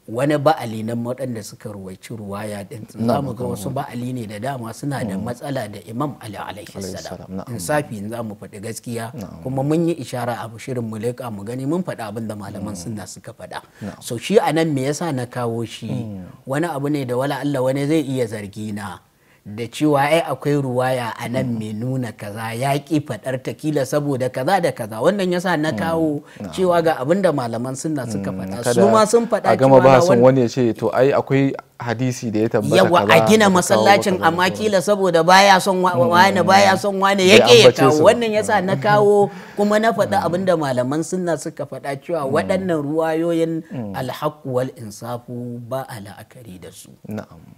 wani ba'ali nan waɗanda suka ruwaici ruwaya din za mu ga wasu ba'ali ne da dama suna da mm. matsala da imam ali alaihi salam insafi za mu faɗi gaskiya kuma mun yi ishara a shirin mu leƙa mu gani mun faɗi abinda malaman mm. suna suka faɗa so shi nan me yasa na kawo shi mm. wani abu ne da wala Allah wani zai iya zargi na da cewa ai akwai ruwaya a nan mai nuna kaza ya ƙi faɗar ta kila saboda kaza da kaza wannan yasa na mm. kawo cewa ga abinda malaman sunna suka mm, faɗa su ma sun faɗa a gama ba wani ya ce to ai akwai hadisi da ya tabbata yawa a gina masallacin amma kila saboda baya son hmm. wane baya son wane yake ya kawo wannan yasa na hmm. kawo kuma na faɗi hmm. abinda malaman sunna suka faɗa cewa waɗannan ruwayoyin alhaku wal insafu ba a la'akari da su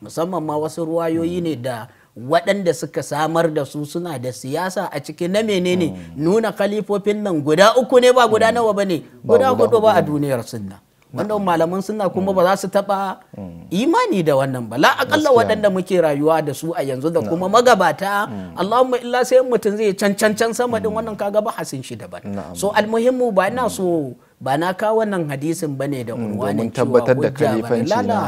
musamman ma wasu ruwayoyi ne da waɗanda suka samar da su suna da siyasa a ciki na menene nuna kalifofin nan guda uku ne ba guda nawa ba ne guda hudu ba a duniyar sunna wanda malaman suna kuma ba za su taba imani da wannan ba la akalla waɗanda muke rayuwa da su a yanzu da kuma magabata hmm. Allahumma illa sai mutum zai can can can sama din hmm. wannan kaga ba hasin shi daban so almuhimmu ba ina so ba na kawo wannan hadisin ba ne da mm, unwanin cewa hujja ba lala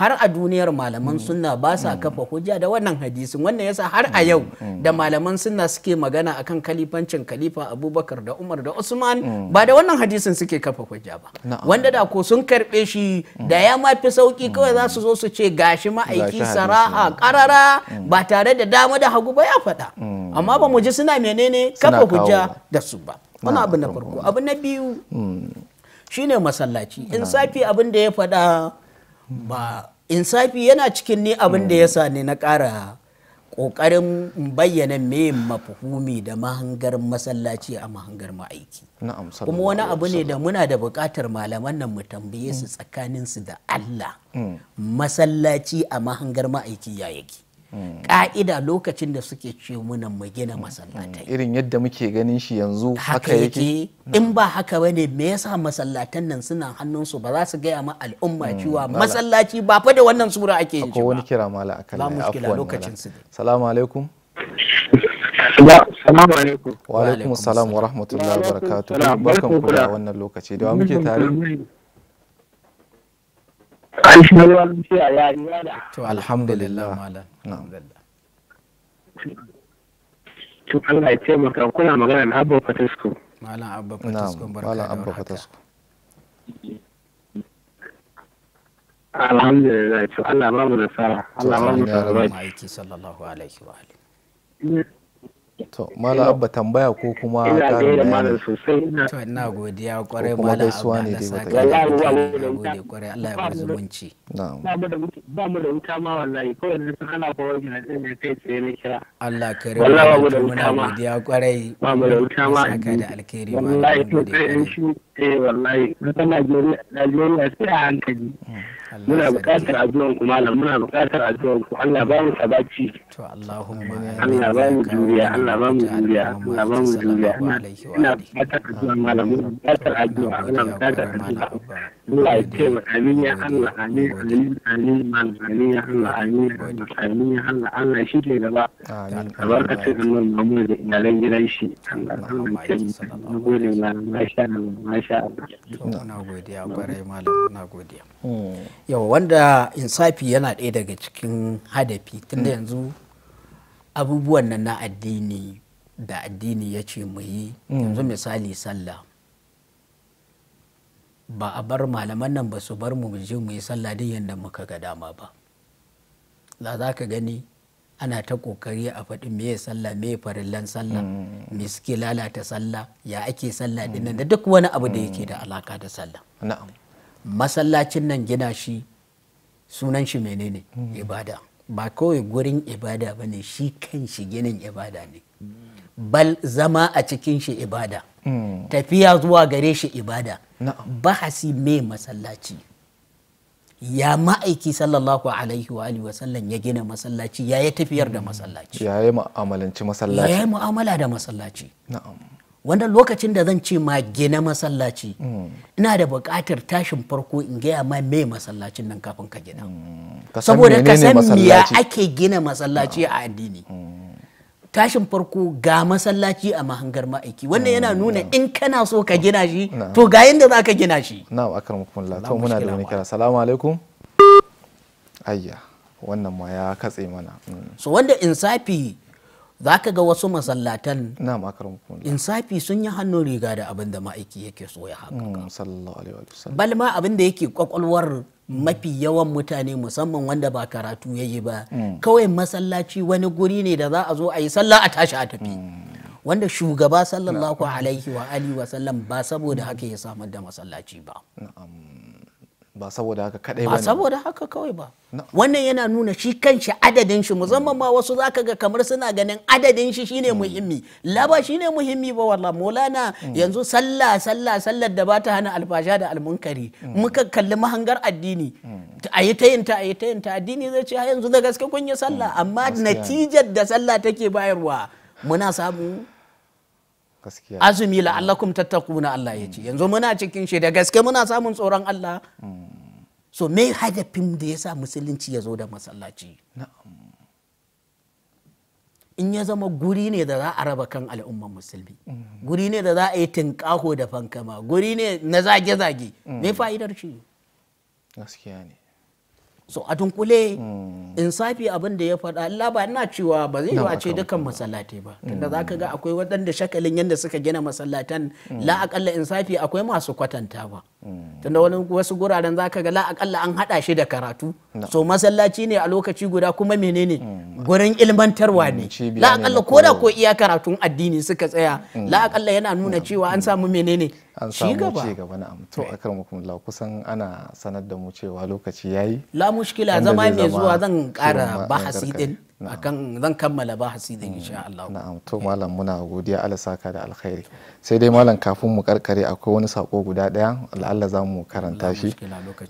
har a duniyar malaman mm. sunna ba sa mm. kafa hujja da wannan hadisin wannan yasa har a yau da malaman sunna suke magana akan kalifancin kalifa abubakar da umar da usman ba da wannan hadisin suke kafa hujja ba wanda da ko sun karbe shi da ya ma fi sauki kawai za su zo su ce gashi ma'aiki sara'a karara ba tare da dama da hagu ba ya faɗa amma ba mu ji suna menene kafa hujja da su ba wani abu na farko abu na biyu hmm. shine masallaci insafi abin da ya faɗa ba insafi yana cikin ni abin da ya hmm. sa ne na ƙara ƙoƙarin bayyana me mafuhumi da mahangar masallaci a mahangar ma'aiki kuma wani abu ne da muna da buƙatar malaman nan mu tambaye su hmm. tsakaninsu da Allah masallaci a mahangar ma'aiki ya yake Hmm. ka'ida lokacin da suke ce muna mu gina hmm. masallatai hmm. irin yadda muke ganin shi yanzu haka yake in ba haka ne me yasa masallatan nan suna hannun su ba za su gaya ma al'umma cewa masallaci ba fa da wannan sura ake yin ba wani kira mala akan ba mushkila lokacin su salamu alaikum salamu alaikum wa alaikum assalam wa rahmatullahi wa barakatuh barkan ku da wannan lokaci da muke tare an shi ruwa to alhamdulillah malam Allah ya taimaka kuna magana da Abba Fatasko malam Abba Fatasko barka Abba Fatasko alhamdulillah to Allah ba mu Allah ba mu sallallahu alaihi wa alihi to mala abba tambaya ko kuma ina gaira sosai to ina godiya kwarai mala abba ne dai bata wallahi ba mu da kwarai Allah ya bar zumunci ba mu da wuta ma wallahi kawai ne sun ana kawai gina din ne kai tsaye ne kira Allah kare wallahi ba mu da wuta ma godiya kwarai ba mu da wuta ma saka da alkhairi wallahi to sai in shi eh wallahi na Najeriya Najeriya sai a hankali hmm. muna buƙatar addu'an ku malam muna bukatar addu'an ku Allah ba mu sabaci to Allahumma Allah ba mu juriya Allah ba mu juriya Allah ba mu juriya ina buƙatar addu'an malam muna buƙatar addu'a muna buƙatar addu'a Allah ya ce wa amin ya Allah amin amin amin man amin ya Allah amin amin ya Allah Allah shi ne gaba albarkacin annan mamu da iyalan gidan shi Allah Allah ya taimaka na gode malam masha Allah masha Allah na godiya kwarai malam na godiya yau wanda insafi yana ɗaya daga cikin hadafi tunda hmm. yanzu abubuwan nan na addini da addini ya ce mu yi hmm. yanzu misali sallah ba a bar malaman nan ba su bar mu je mu yi sallah duk yadda muka ga dama ba za za ka gani ana ta kokari a faɗi meye sallah meye farillan sallah me mm. suke lalata sallah ya ake sallah dinnan da duk wani abu da yake da mm. alaka da sallah masallacin nan gina shi sunan shi menene mm. ibada ba kawai gurin ibada ba ne shi kan shi ginin ibada ne bal zama a cikin shi ibada tafiya zuwa gare shi ibada bahasi me masallaci ya ma'aiki sallallahu alaihi wa alihi wasallam ya gina masallaci ya yi tafiyar da masallaci ya yi mu'amalanci masallaci ya yi mu'amala da masallaci wanda lokacin da zan ce ma gina masallaci mm. ina da buƙatar tashin farko in gaya ma me masallacin nan kafin ka gina mm. saboda ka san miya ake gina masallaci a addini mm. tashin farko ga masallaci a mahangar ma'aiki wannan yana mm, nuna in kana so ka gina shi to ga yadda za ka gina shi na'am akar mukun to muna da wani kira salamu alaikum ayya wannan ma ya katse mana mm. so wanda insafi za ka ga wasu masallatan na'am akar mukumullah insafi sun yi hannun riga da abin da ma'aiki yake so ya haka mm, sallallahu alaihi bal ma abin da yake kwakwalwar mafi yawan mutane musamman wanda ba karatu ya yi ba hmm. kawai masallaci wani guri ne da za a zo a yi sallah a tashi a tafi hmm. wanda shugaba sallallahu alaihi wa alihi wa sallam ba saboda haka ya samar da masallaci ba ba saboda haka kadai ba saboda haka kawai ba wannan yana nuna shi kanshi adadin shi musamman ma wasu zaka ga kamar suna ganin adadin shi shine mm. muhimmi laba shine muhimmi ba wallahi molana mm. yanzu sallah sallah sallar da ba ta hana alfasha da almunkari mm. muka kalli mahangar addini a yi ta a yi ta addini zai ce yanzu da gaske kun yi sallah amma natijar da sallah take bayarwa muna samu azumi la'allakum tattaquna Allah ya ce yanzu muna cikin shi da gaske muna samun tsoron Allah so me hadafin da yasa musulunci ya zo da masallaci in ya zama guri ne da za a raba kan al'umman musulmi mm. guri ne da za a yi tinkaho da fankama guri ne na zage-zage me mm. fa'idar shi gaskiya ne so a dunkule hmm. insafi abin da ya faɗa Allah ba ina cewa ba zai yiwa ce dukan masallatai ba hmm. tunda za ka ga akwai waɗanda shakalin yadda suka gina masallatan hmm. la aƙalla insafi akwai masu kwatanta ba tunda wasu guraren za ka ga la an haɗa shi da karatu so masallaci ne a lokaci guda kuma menene gurin ilmantarwa ne la ko da ko iya karatun addini suka tsaya la yana nuna cewa an samu menene an samu ci gaba na to eh. a kan mukumla kusan ana sanar da mu cewa lokaci yayi la mushkila zama mai zuwa zan kara ba hasidin akan zan kammala ba hasidin insha mm, Allah na'am to eh. malam muna godiya ala saka da alkhairi sai dai malam kafin mu karkare akwai wani sako guda daya la'alla za mu karanta shi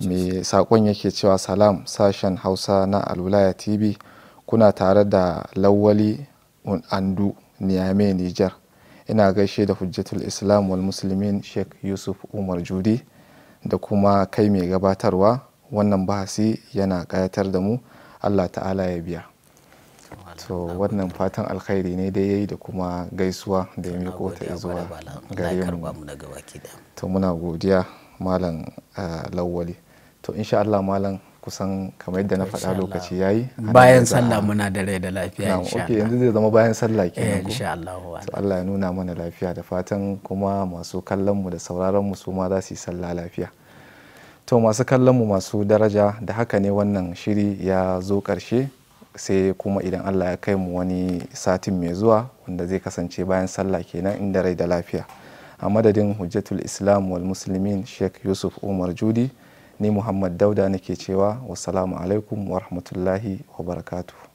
me sakon yake cewa salam sashen Hausa na Alwilaya TV kuna tare da Lawali Andu Niamey Niger ina gaishe da hujjatul islam wal musulmin sheikh yusuf umar judi da kuma kai mai gabatarwa wannan bahasi yana kayatar da mu allah ta'ala ya biya to wannan fatan alkhairi ne da yi da kuma gaisuwa da ya miko ta zuwa gare mu to muna godiya malam eh, lawwali to insha allah malam kusan kamar yadda na faɗa lokaci ya yi bayan sallah muna da rai da lafiya insha ok yanzu zai zama bayan sallah eh, kenan ko Allah to Allah ya nuna mana lafiya da fatan kuma masu kallon mu da sauraron mu su ma za su yi sallah lafiya to masu kallon mu masu daraja da haka ne wannan shiri ya zo karshe sai kuma idan Allah ya kai mu wani satin mai zuwa wanda zai kasance bayan sallah kenan inda rai da lafiya a madadin hujjatul islam wal muslimin sheikh yusuf umar judi ni muhammad dauda nake cewa wasalamu alaikum wa rahmatullahi wa barakatuh